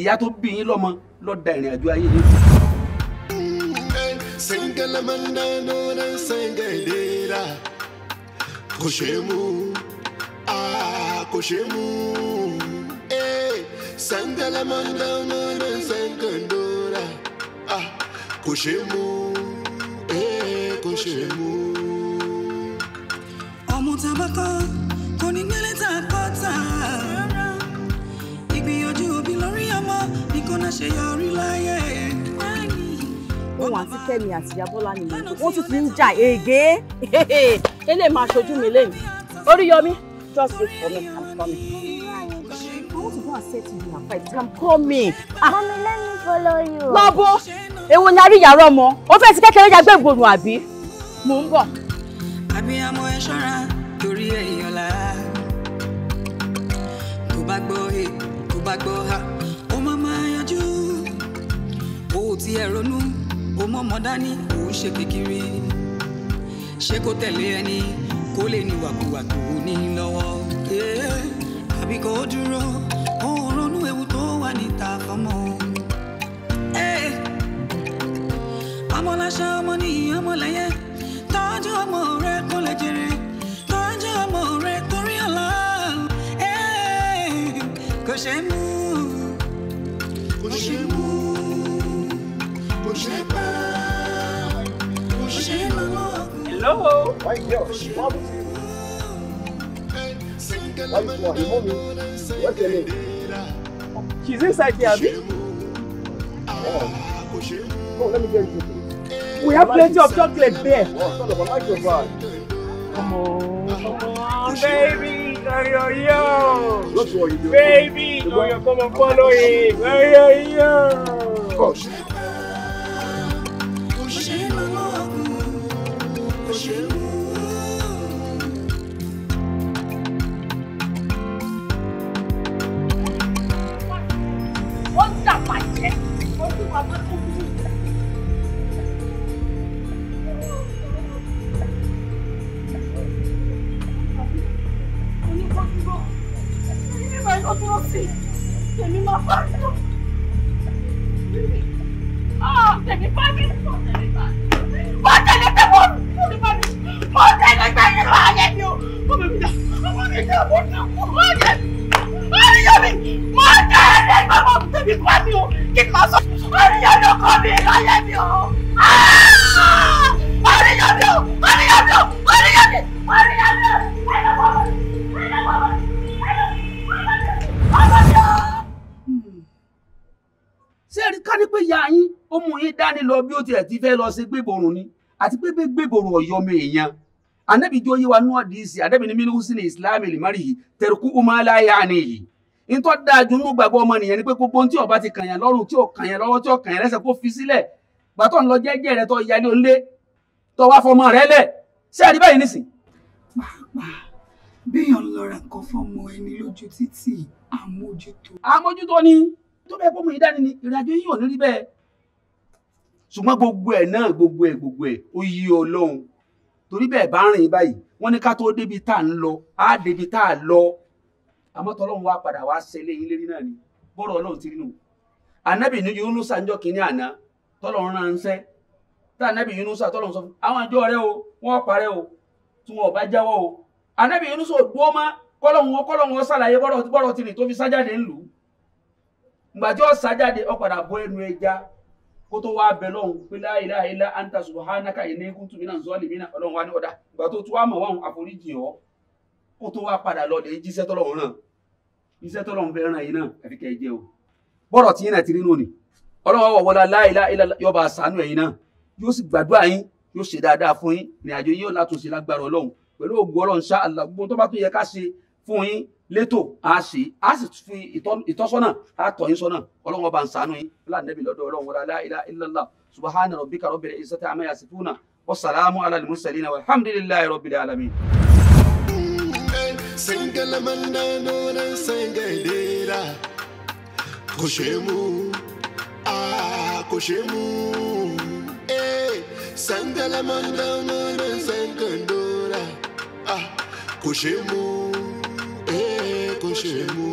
ìyá tó bí yín lọ́mọ ló da ìrìn àjò ayé yín. kò ṣe mú kò ṣe mú e, sengelemandanoran sengeldora kò ṣe mú e, kò ṣe mú. ọmọ tabakọ kò ní gbẹ́lẹ́ ta kọ́ta òbí lórí ọmọ ní kò náà ṣe yọrí láyé. Òun àti Kẹ́mi àti Yabọ́lá ni mo wọ́n tún ti ń jà ègé. Eléyìí máa ṣojú mi lẹ́yìn. Oríyọmí, just wait for me, I'm coming. I want to go and set in a fight. Come call me. Mommy, let me follow you. Lọ́bọ̀, èwo ni a rí yàrá ọmọ? Ó fẹ́ ti kékeré yàgbẹ́ ìgbòrò àbí? Mò ń bọ̀. Àbíyamọ ẹ torí èèyàn là. bá gbọ́ èèyàn bá gbọ́ ha ó máa máa yanjú o ò tiẹ̀ ronú o mọ̀ mọ́ dání o ń ṣe kékeré ṣé kó tẹ̀lé ẹni kó lè ní wàkúwà tó ní lọ́wọ́ àbí kó dúró ó ronú ewu tó wà níta fọmọ. ọmọláṣá ọmọ nìyí ọmọlẹ́yẹ tọ́jú ọmọ rẹ kó lè jèrè tọ́jú ọmọ rẹ kó. ṣe mú kò ṣe mú kò ṣe pa kò ṣe lọ́wọ́. hello. wáyé she's inside there abi. Oh. No, let me get you. We have plenty of chocolate there. Oh, son of a, like your bag. Come on, come on, baby. Oreo, baby, you come and follow him. Oreo, yo. Of course. Wọ́n dàgbà jẹ́, wọ́n tún wà bá tó ó tiẹ̀ ti fẹ́ lọ sí gbégbòrùn ni àti pé gbégbòrùn ọ̀yọ́ mi èèyàn anabi jọ yé wa nú àdìsí anabi ni mímú sí ní ìsìlámì lìmárì yìí tẹ̀rùkú umala yaani yìí ntọ́ dáa ju nú gbàgbọ́ ọmọnìyàn ni pé gbogbo tí ọba ti kàn yàn lọ́rùn tí ò kàn yàn lọ́wọ́ tí ò kàn yàn lẹ́sẹ̀ kó fi sílẹ̀ gbàtọ́ ńlọ jẹ́jẹ́ rẹ tọ́ yálé olé tọ́ wá fọmọ rẹ lẹ̀ ṣé àdí báyìí nìsín. pàápàá béèyàn ń lọ ra nǹkan fọmọ ẹni lójú títì àmójútó. àmójútó ni tó bẹ́ẹ̀ kó mú ìdánilì ìrìnàjò yìí ò ní rí bẹ́ẹ̀ ṣùgbọ́n gbogbo ẹ̀ náà gbogbo ẹ̀ gbogbo ẹ̀ ó yí ọlọ́run torí bẹ́ẹ̀ bá rìn báyìí wọ́n ní ká tó débi tá à ń lọ á débi tá à lọ àmọ́ tọ́lọ́run wá padà wá ṣẹlẹ̀ yín lérí náà ni bọ́rọ̀ ọlọ́run ti rí nù ànábì ní Yunusa ńjọ́ kínní àná tọ́lọ́run ránṣẹ́ tá ànábì Yunusa tọ́lọ́run sọ fún àwọn àjọ rẹ o wọ́n parẹ́ o tí wọn ò bá jáwọ́ o ànábì Yunusa ò dúró mọ́ kọ́lọ́run wọn kọ́lọ́run wọn ṣàlàyé bọ́rọ̀ ti rìn tó fi sájáde ńlù ìgbà tí ó sájáde ó padà bọ́ ẹnu ẹja kó tó wá bẹ lọ́hùn pé la ilaha illa anta subhanaka inni kuntu minaz zalimin ọlọ́run wa ní ọ̀dà ìgbà tó tún wá mọ̀ wọ́n àforíjì ọ́ kó tó wá padà lọ lè jíṣẹ́ tọ́lọ́run ràn iṣẹ́ tọ́lọ́run fẹ́ ràn yìí náà àfi kẹ́ jẹ́ o bọ́rọ̀ tí yín náà ti rí nù ni ọlọ́run wọ̀ wọlá la ilaha illa yọba àṣàánú ẹ̀yin náà yóò sì gbàdúrà yín yóò ṣe dáadáa fún yín ìrìnàjò yín yóò látúnṣe lágbára ọlọ́run pẹ̀lú ògùn ọlọ́run ṣá àlàgbọ́n tó bá tún yẹ ká ṣe fún yín Leto, á ṣe á sì fi ìtọ́sọ́nà á tọ̀ yín sọ́nà ọlọ́run ọba ń sànú yín fúlàní nẹ́bí lọ́dọ̀ ọlọ́run wọlé alá ilá ilàlá subahana rabbika rabbil izzati amma yasifuna wasalaamu ala al-mursalina walhamdulillahi rabbil alamin. sangala mandano na sangalera kò ṣe mú kò ṣe mú e, sangala mandano na sangandora kò ṣe mú kò ṣe mú.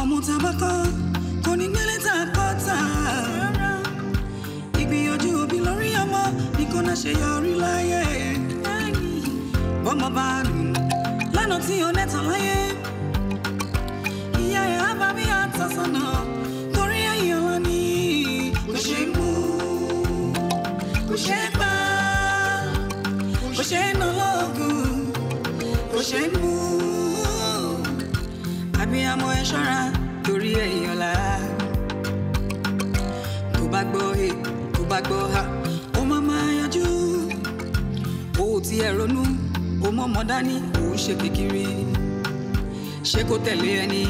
ọ̀mùtà bọ́kọ́ kò ní gbélé ta kọ́ta. ìgbìyànjú òbí lórí ọmọ ni kò náà ṣe yọrí láyé. bọ́mọ bá nù lánàá tí o nẹ́ta láyé. ìyá ẹ̀ á bá mi àtàsánà torí ẹ̀yìn ọ̀la ni kò ṣe mú kò ṣe gbà kò ṣe nà lọ́gùn kò ṣe mú abiyamọ ẹ ṣọ́ra torí ẹ̀yìn ọ̀la. tó bá gbọ́ he tó bá gbọ́ ha ó má máa yanjú. o ò tiẹ̀ ronú o mọ̀ mọ́ dání o ń ṣe kékeré. ṣé kó tẹ̀lé ẹni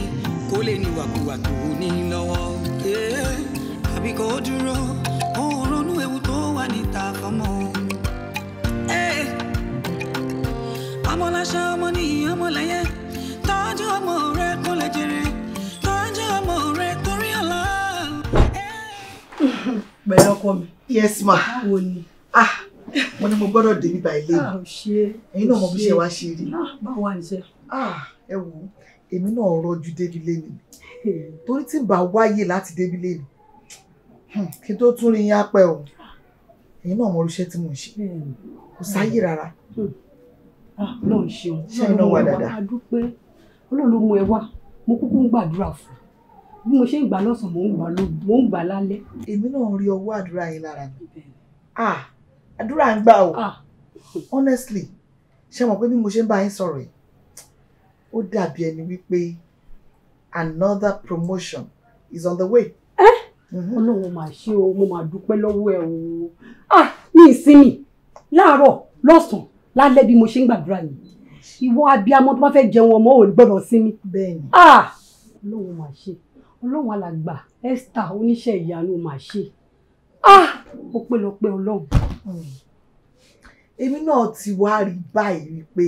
kó lè níwàkuwà tó ní lọ́wọ́. Eh, àbí kò dúró ó ronú ewu tó wà níta fọmọ. Eh, ọmọláṣá ọmọ nìyí ọmọlẹ́yẹ tọ́jú ọmọ rẹ kó lè jèrè tọ́jú ọmọ rẹ torí ọ̀la. pẹ̀lú ọkọ mi. yes ma. báwo ni. ah mo ní mo gbọ́dọ̀ débi báyìí lé mi ah, ẹ̀yin náà mo fi ṣe wá ṣe rí. Ah, báwo wà ní sẹ́. Ah, ẹ wo èmi náà rọjú débi lé mi torí tí n bá wáyè láti débi lé mi hmm, kí tó tún rí yín á pẹ́ o ẹ̀yin náà mo ríṣẹ́ tí mo ń ṣe kò sáyè rárá. Hmm. lọ́n ṣeun náà wà dáadáa. Ọlọ́run ló mú ẹ wá mo kúkú ń gbàdúrà fún bí mo ṣe ń gbà lọ́sàn mo ń gbà lálẹ́. èmi náà rí ọwọ́ àdúrà yín lára mi àdúrà ń gbà o honestly ṣe mọ̀ pé bí mo ṣe ń bá yín sọ̀rọ̀ yìí ó dàbí ẹni wípé another promotion is on the way. Mhm. Ọlọ́run máa ṣe o mo máa dúpẹ́ lọ́wọ́ ẹ o Ah, ní ìsinmi láàárọ̀ lọ́sàn-án lálẹ́ bí mo ṣe ń gbàdúrà yìí ìwọ abiyamọ tó bá fẹ́ jẹun ọmọ ò gbọ́dọ̀ sinmi. bẹ́ẹ̀ni ah! Ọlọ́run máa ṣe Ọlọ́run alàgbà Esther oníṣẹ́ ìyanu máa ṣe ah! ó pé lọ pé Ọlọ́run. èmi náà ti wá rí báyìí wípé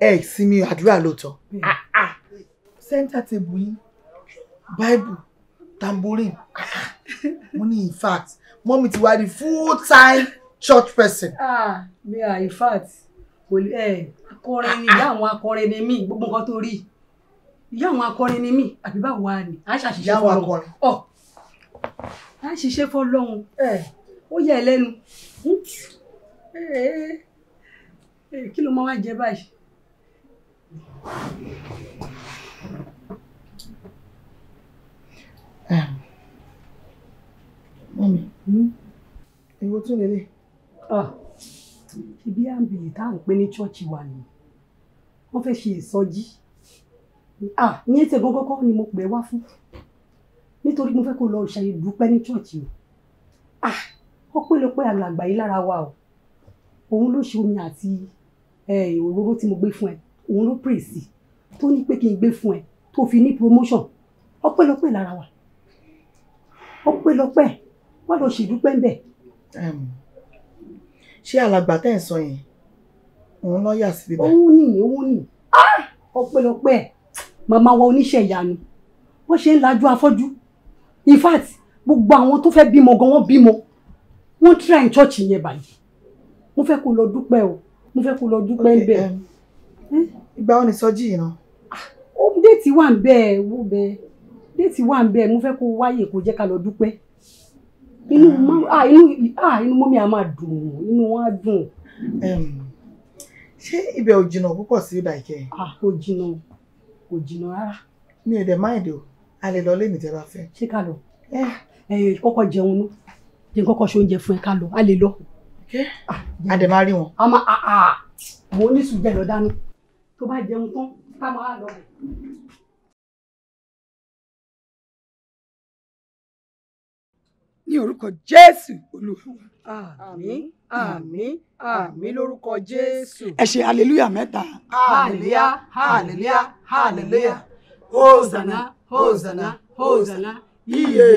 ẹ ìsinmi àdúrà lóòótọ́ ah, center table yín bible tambourine mo ní in fact mọ́mí ti wá di full time church person. ah mi à in fact kò lè ẹ eh, akọrin ni ìyá àwọn akọrin ni mí gbogbo nǹkan tó rí ìyá àwọn akọrin ni mí àbí báwo wà ní à ń ṣàṣìṣe fọlọ́hún ọ à ń ṣiṣẹ́ fọlọ́hún ó yẹ ẹ lẹ́nu kí ló máa wá jẹ báyìí. mọ̀mí ewu tún lélẹ̀. ibi àǹbìlì tá à ń pè ní ṣọ́ọ̀ṣì wa nìyí wọ́n fẹ́ ṣe ìsọjí ah ní ètè gbogbo kọ́ ni mo pè é wá fún nítorí mo fẹ́ kó lọ ṣe ìdúpẹ́ ní ṣọ́ọ̀ṣì o ah ọpẹ́lọpẹ́ alàgbà yìí lára wa o òun ló ṣe omi àti òróró tí mo gbé fún ẹ òun ló pèsè tó ní pé kí n gbé fún ẹ tó fi ní promotion ọpẹ́lọpẹ́ lára wa ọpẹ́lọpẹ́ wá lọ ṣèdúpẹ́ ń bẹ̀. ṣé alàgbà tẹ́ ẹ̀ sọ yẹn òun lọ yà sí bíbá. òun ni òun ni ọpẹ́lọpẹ́ màmá wa oníṣẹ́ ìyanu wọ́n ṣe ń lajú afọ́jú in fact gbogbo àwọn tó fẹ́ bímọ gan wọ́n bímọ wọ́n tíra ní chọ́ọ̀chì yẹn báyìí mo fẹ́ kó lọ dúpẹ́ o mo fẹ́ kó lọ dúpẹ́ ń bẹ̀. ìgbà wo ni sọ́jí yìí ná. Ah! ó déètì wà ń bẹ̀ wó bẹ déètì wà ń bẹ̀ mo fẹ́ kó wáyè kó jẹ́ ká lọ dúpẹ́ inú ah. mọ́mí ah, a máa dùn inú wọn á dùn ṣé ibẹ̀ ò jìnnà púpọ̀ sí ìdàkẹ́? kò jìnnà kò jìnnà rárá. mi ò dẹ̀ máìdì o a lè lọ lémi tẹ́ bá fẹ́. ṣé ká lọ kọ́kọ́ jẹun nú jẹ́ kọ́kọ́ ṣe oúnjẹ fún ẹ ká lọ a lè lọ. a dẹ̀ máa rí wọn. a máa àwọn oníṣùú jẹ lọ dání tó bá jẹun tán ká máa lọ. ní orúkọ Jésù Olúwa. àmín àmín àmín lórúkọ jésù. ẹ ṣe hallelujah mẹ́ta. hallelujah hallelujah hallelujah hosanna hosanna hosanna iye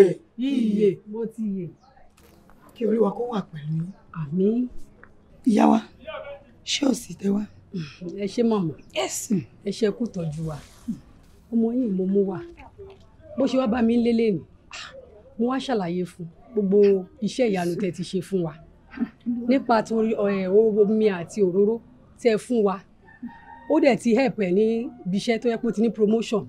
iye mo ti yè. kí olúwa kó wà pẹ̀lú. àmín. ìyá wa ṣé ò sì tẹ́ wa. ẹ ṣe màmá ẹ ṣe kú tọ́jú wa ọmọ yìí mo mú wa bó ṣe wá bá mi ń lélẹ̀ mi mo wá ṣàlàyé fún gbogbo iṣẹ́ ìyanu tẹ́ ti ṣe fún wa nípa ti eh, omi àti òróró tẹ fún wa ó dẹ̀ ti help ẹ̀ ní ibiṣẹ́ tó yẹ pé ó ti ní promotion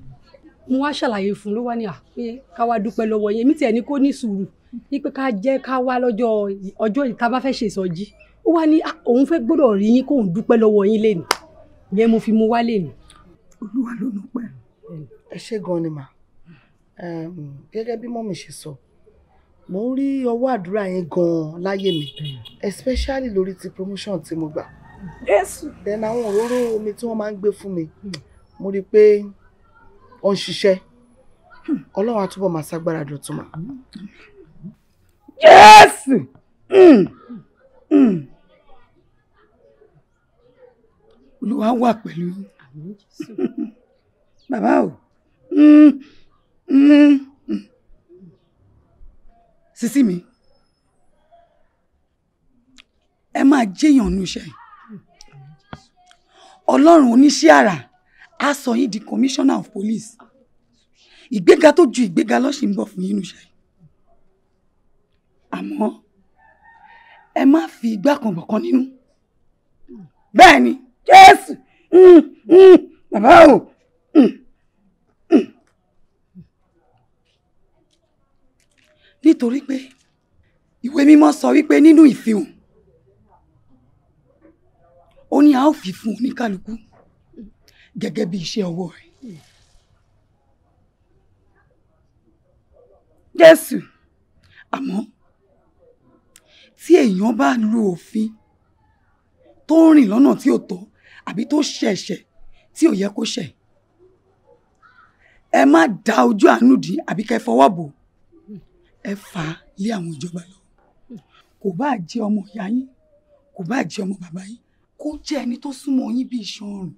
mo wá ṣàlàyé fún ló wá ní àpé ká wá dúpẹ́ lọ́wọ́ yẹn èmi tiẹ̀ ní kó ní sùúrù wípé ká jẹ́ ká wá lọ́jọ́ ọjọ́ yìí ká bá fẹ́ ṣe ìsọjí ó wá ní òun fẹ́ gbọ́dọ̀ rí yín kóun dúpẹ́ lọ́wọ́ yín lẹ́nu yẹn mo fi mu wá lẹ́nu. olúwa ló nù pẹ́ ẹ ṣé gan ni mà gẹ́gẹ́ bí mọ́mì ṣe sọ mo ń rí ọwọ́ àdúrà yẹn gan-an láyé mi especially lórí ti promotion tí mo gbà jésù then àwọn òróró omi tí wọ́n máa ń gbé fún mi mo rí i pé ó ń ṣiṣẹ́ ọlọ́run àtúbọ̀ máa ṣàgbára dọ̀tún mà. jésù olúwa wà pẹ̀lú bàbá o. Mm, mm sísí mi ẹ máa jẹ́yàn nu iṣẹ́ ọlọ́run oníṣẹ́ á sọ yín di commissioner of police ìgbéga tó ju ìgbéga lọ́sìn ń bọ̀ fún yín nu iṣẹ́ àmọ́ ẹ má fi igbá kan bọ̀kan nínú bẹ́ẹ̀ ni jésù mm, mm, bàbá o. Mm. nítorí pé ìwé mímọ́ sọ wípé nínú ìfihàn ó ní a ó fi fún oníkálukú gẹ́gẹ́ bí iṣẹ́ ọwọ́ rẹ̀. Jésù àmọ́ tí èèyàn bá lu òfin tó ń rìn lọ́nà tí ò tọ́ àbí tó ṣẹ̀ṣẹ̀ tí ò yẹ kó ṣẹ̀ ẹ má da ojú àánú dín àbí kẹ́ fọwọ́ bò ó ẹ fà á lé àwọn ìjọba lọ kò bá jẹ ọmọ ìyá yín kò bá jẹ ọmọ bàbá yín kó jẹ ẹni tó súnmọ́ yín bí iṣan ọrùn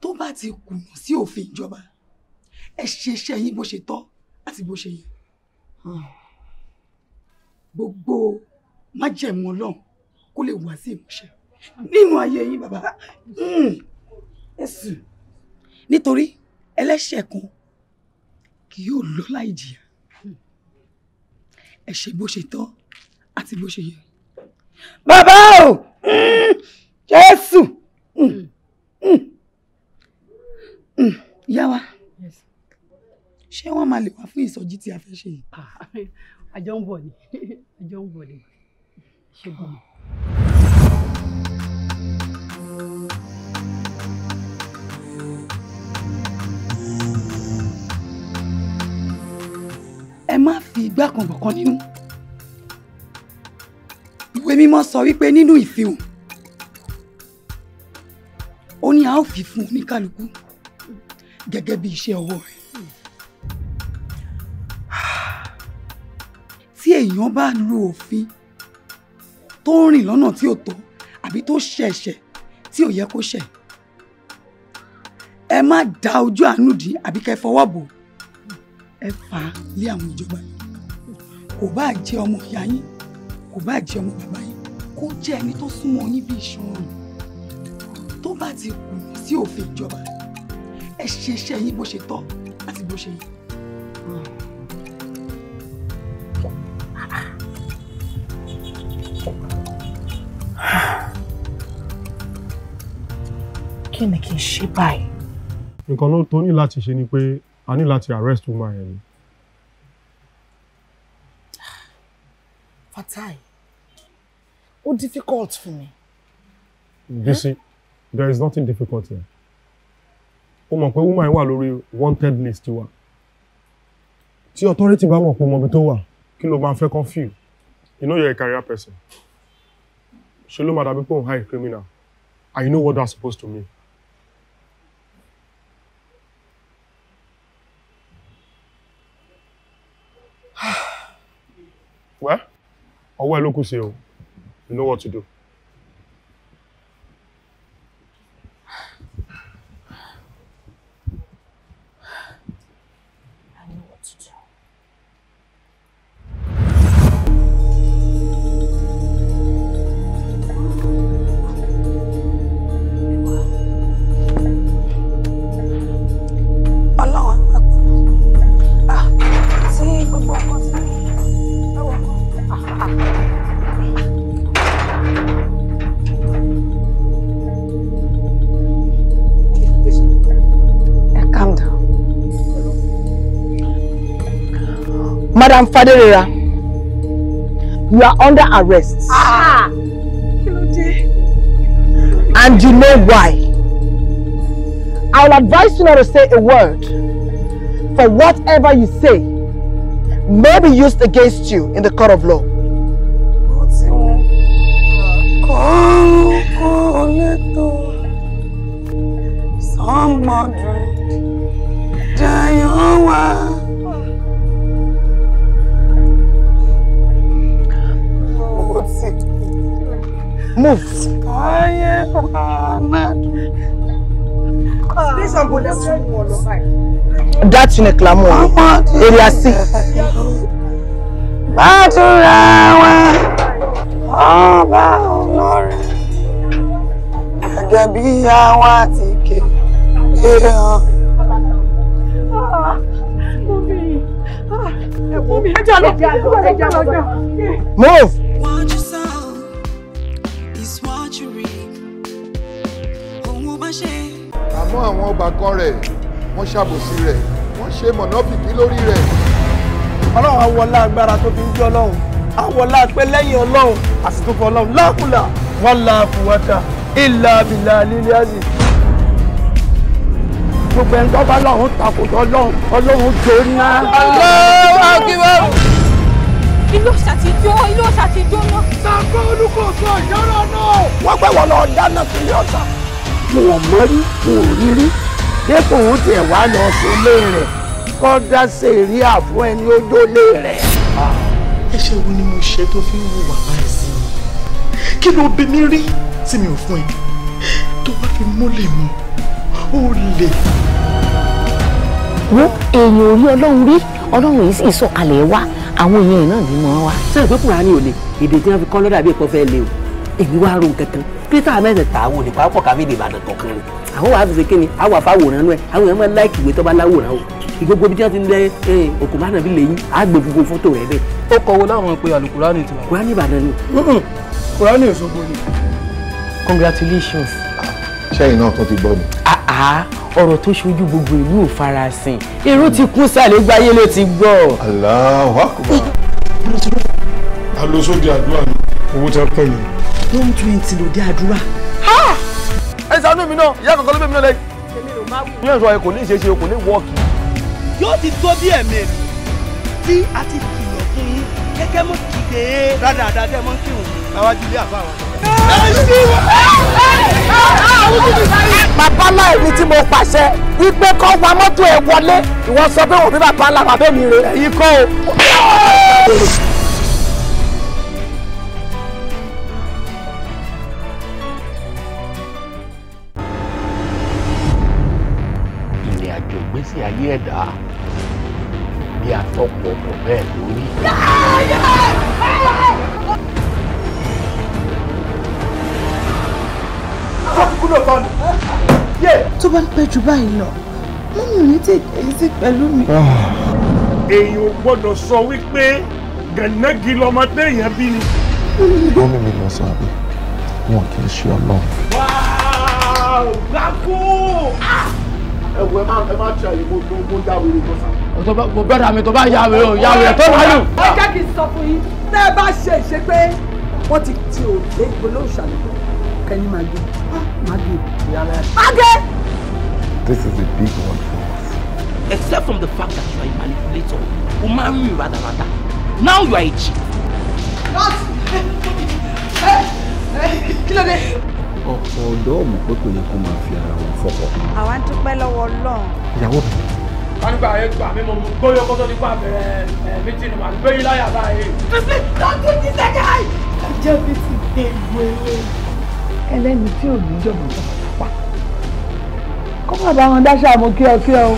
tó bá ti kùnà sí òfin ìjọba ẹ ṣe iṣẹ́ yín bó ṣe tọ́ àti bó ṣe yẹ gbogbo májẹ̀mú Ọlọ́run kó lè wá sí ìmúṣẹ nínú ayé yín bàbá Èṣù hmm, nítorí ẹlẹ́ṣẹ̀ kan kì yóò lọ láì jìyà ẹ ṣe bó ṣe tọ́ àti bó ṣe yẹ. bàbá o jésù ìyá ṣé wọ́n máa lè wá fún ìsọjí tí a fẹ́ ṣe yìí. àjọ ah, ń bọ̀ ni àjọ ń bọ̀ ni ṣe bọ̀ ni. ẹ má fi igbá kan bọ̀kan nínú ìwé mímọ́ sọ wípé nínú ìfihàn ó ní a ó fi fún oníkálukú gẹ́gẹ́ bí iṣẹ́ ọwọ́ rẹ̀ tí èèyàn bá lu òfin tó rìn lọ́nà tí ò tọ́ àbí tó ṣẹ̀ṣẹ̀ tí ò yẹ kó ṣẹ̀ ẹ má da ojú àánú dì àbí kẹ́ fọwọ́ bò ó ẹ fà á lé àwọn ìjọba yìí kò bá jẹ́ ọmọ ìyá yín kò bá jẹ́ ọmọ bàbá yín kó jẹ́ ẹni tó súnmọ́ yín bí iṣan ọrùn tó bá ti kùnà sí òfin ìjọba ẹ ṣe iṣẹ́ yín bó ṣe tọ́ àti bó ṣe yẹ. kí ni kí n ṣe báyìí. nǹkan ló tó ní láti ṣe ni pé a ní láti arrest woman yẹn ni. Fatai ó difficult fún mi. See, there is nothing difficult here ó mọ̀ pé woman wà lórí wanted list wa tí authority bá mọ̀ pé ọmọbi tó wà kí ló máa fẹ́ kàn fíù you know you're a career person ṣe ló máa dàbí pé òun high criminal and you know what that's supposed to mean. ọwọ́ ẹ ló kù sí o you know what to do. Grandfather you are under arrest. Ah! And you know why. I will advise you not to say a word. For whatever you say may be used against you in the court of law. Move. That unique lamu. Area C. Bàtúrà wa, ọba olórin, gẹ́gẹ́ bí àwa ti ké Move! fún àwọn ọbàkan rẹ̀ wọ́n ṣàbòsí rẹ̀ wọ́n ṣe mọ̀nàfìkì lórí rẹ̀. ọlọ́run awọlá agbára tó fi ń jẹ́ ọlọ́run awọlá pé lẹ́yìn ọlọ́run àsìkò ọlọ́run lákùlà wọn la fùwọ́ta ìlà àbìlà lílẹ̀ àzì. gbogbo ẹni tó bá lọ́run takòtò ọlọ́run ọlọ́run jóná. ọlọ́run akíwọ́. ilé òṣà ti jó ilé òṣà ti jóná. sàkó olùkóso ìjọ́rọ̀ náà. wọ́n pẹ́ wọ́n lọ dáná sílé ọ̀sà wọn mọ́rí wọn ò rí rí dépò òun tiẹ̀ wá lọ sí ilé rẹ̀ kọ́ dá sí ìrí àfún ẹni ojó lé rẹ̀. ẹ̀ṣẹ̀ wo ni mo ṣe tó fi ń hùwà báyìí sí i kí ló bí mi rí tí mi ò fún ẹ tó bá fi mọ́lẹ̀ mọ́ ó lè. wo èèyàn orí ọlọ́run rí ọlọ́run yìí ìsọ̀kalẹ̀ wá àwọn èèyàn náà ní mọ́ wa. sẹ́yìn pé Kùránì ò lè èdè tí wọ́n fi kọ́ lọ́dà bí ìpọ́fẹ́ lè o èmi wá ro nǹkan kan pété àwọn mẹ́tẹ̀ẹ̀ta àwọn òní pàápọ̀ káfí ìdè ìbàdàn kọ̀ọ̀kan ni àwọn wàá fi ṣe kíni àwọn àfáwòrán náà àwọn èèyàn máa láìkì ìwé tó bá láwòrán o ìgbogbo bíi wọ́n ti ń lẹ òkú bá nàbí lẹ́yìn àgbè gbogbo fọ́tò rẹ̀ bẹ́ẹ̀. ó kọ wo láwọn pé alukurani ti wà. kurani ìbàdàn ni. kurani Òṣogbo ni. congratulations. sẹ́yìn náà tó ti gbọ́ mi. Ah, ah, ọ̀rọ̀ tó ṣojú gbogbo ìlú ò farasin ti kún sàlẹ̀ gbáyé ló ti gbọ́. Allahu Akbar. Eh. alosodi àdúrà ni owó tẹ pẹ̀lú one twenty lòdì àdúrà. ẹ ṣàánú mi náà ìyá kankan ló bẹ̀ mí náà lẹ́yìn. èmi ò máa wù. ní ẹ̀sọ́ ayẹ kò ní ìṣeéṣe kò ní wọ́ọ̀kì. yóò ti tó bí ẹ̀mí tí a ti kìlọ̀ fún yín kẹ́kẹ́ mọ́ kíkẹ́ dáadáa kẹ́ mọ́ kírun láwájú ilé àbá wa. Bàbá láì ní tí mo pàṣẹ wípé kó wa mọ́tò ẹ̀ wọlé ìwọ sọ pé òbí bàbá làwọn abẹ́ mi rè é yìí kọ́ o. ẹ̀dá bí atọ́pọ̀ ọ̀pọ̀ bẹ́ẹ̀ lórí. tó bá ń pẹ́ jù báyìí lọ mú mi ò ní tètè sí pẹ̀lú mi. èèyàn ò gbọ́dọ̀ sọ wípé gànági lọmọdé yẹn bí ni. gómìnà mi lọ sọ àbí wọn kì í ṣe Ọlọ́run. wàá gbàgbó ẹ wo ẹ má ẹ má ṣe mo mo mo yá wèrè kan mo bẹ́ẹ̀ mi sọ fún yín tẹ́ ẹ bá ṣe ìṣe pé wọ́n ti ti ò dé olóòṣàlẹ̀ kẹ́ni ah, máa gbé máa gbé ìyára ẹ̀. This is a big one for us. Except from the fact that you are a manipulator o máa ń rìn rádaràda now you are a chief. kí ló dé ọkọ ọ̀dọ́ ọ̀mù pé kò yẹ kó máa fi ara wọn fọ́pọ̀. àwa ń dúpẹ́ lọ́wọ́ Ọlọ́run. ìyàwó mi. kánúgbà yẹn gbà mí mo mú gbóyè kótó nípa bẹ̀rẹ̀ mítìn màá gbé yín láyà báyìí. bíbí dọ́kítì ti sẹ́kẹ̀ àì. ìjọ mi ti dé wéwé. ẹlẹ́ni tí ò ní jọ̀bọ̀ bá pa. kó má bá wọn dáṣà mo kí ọ kí ọ.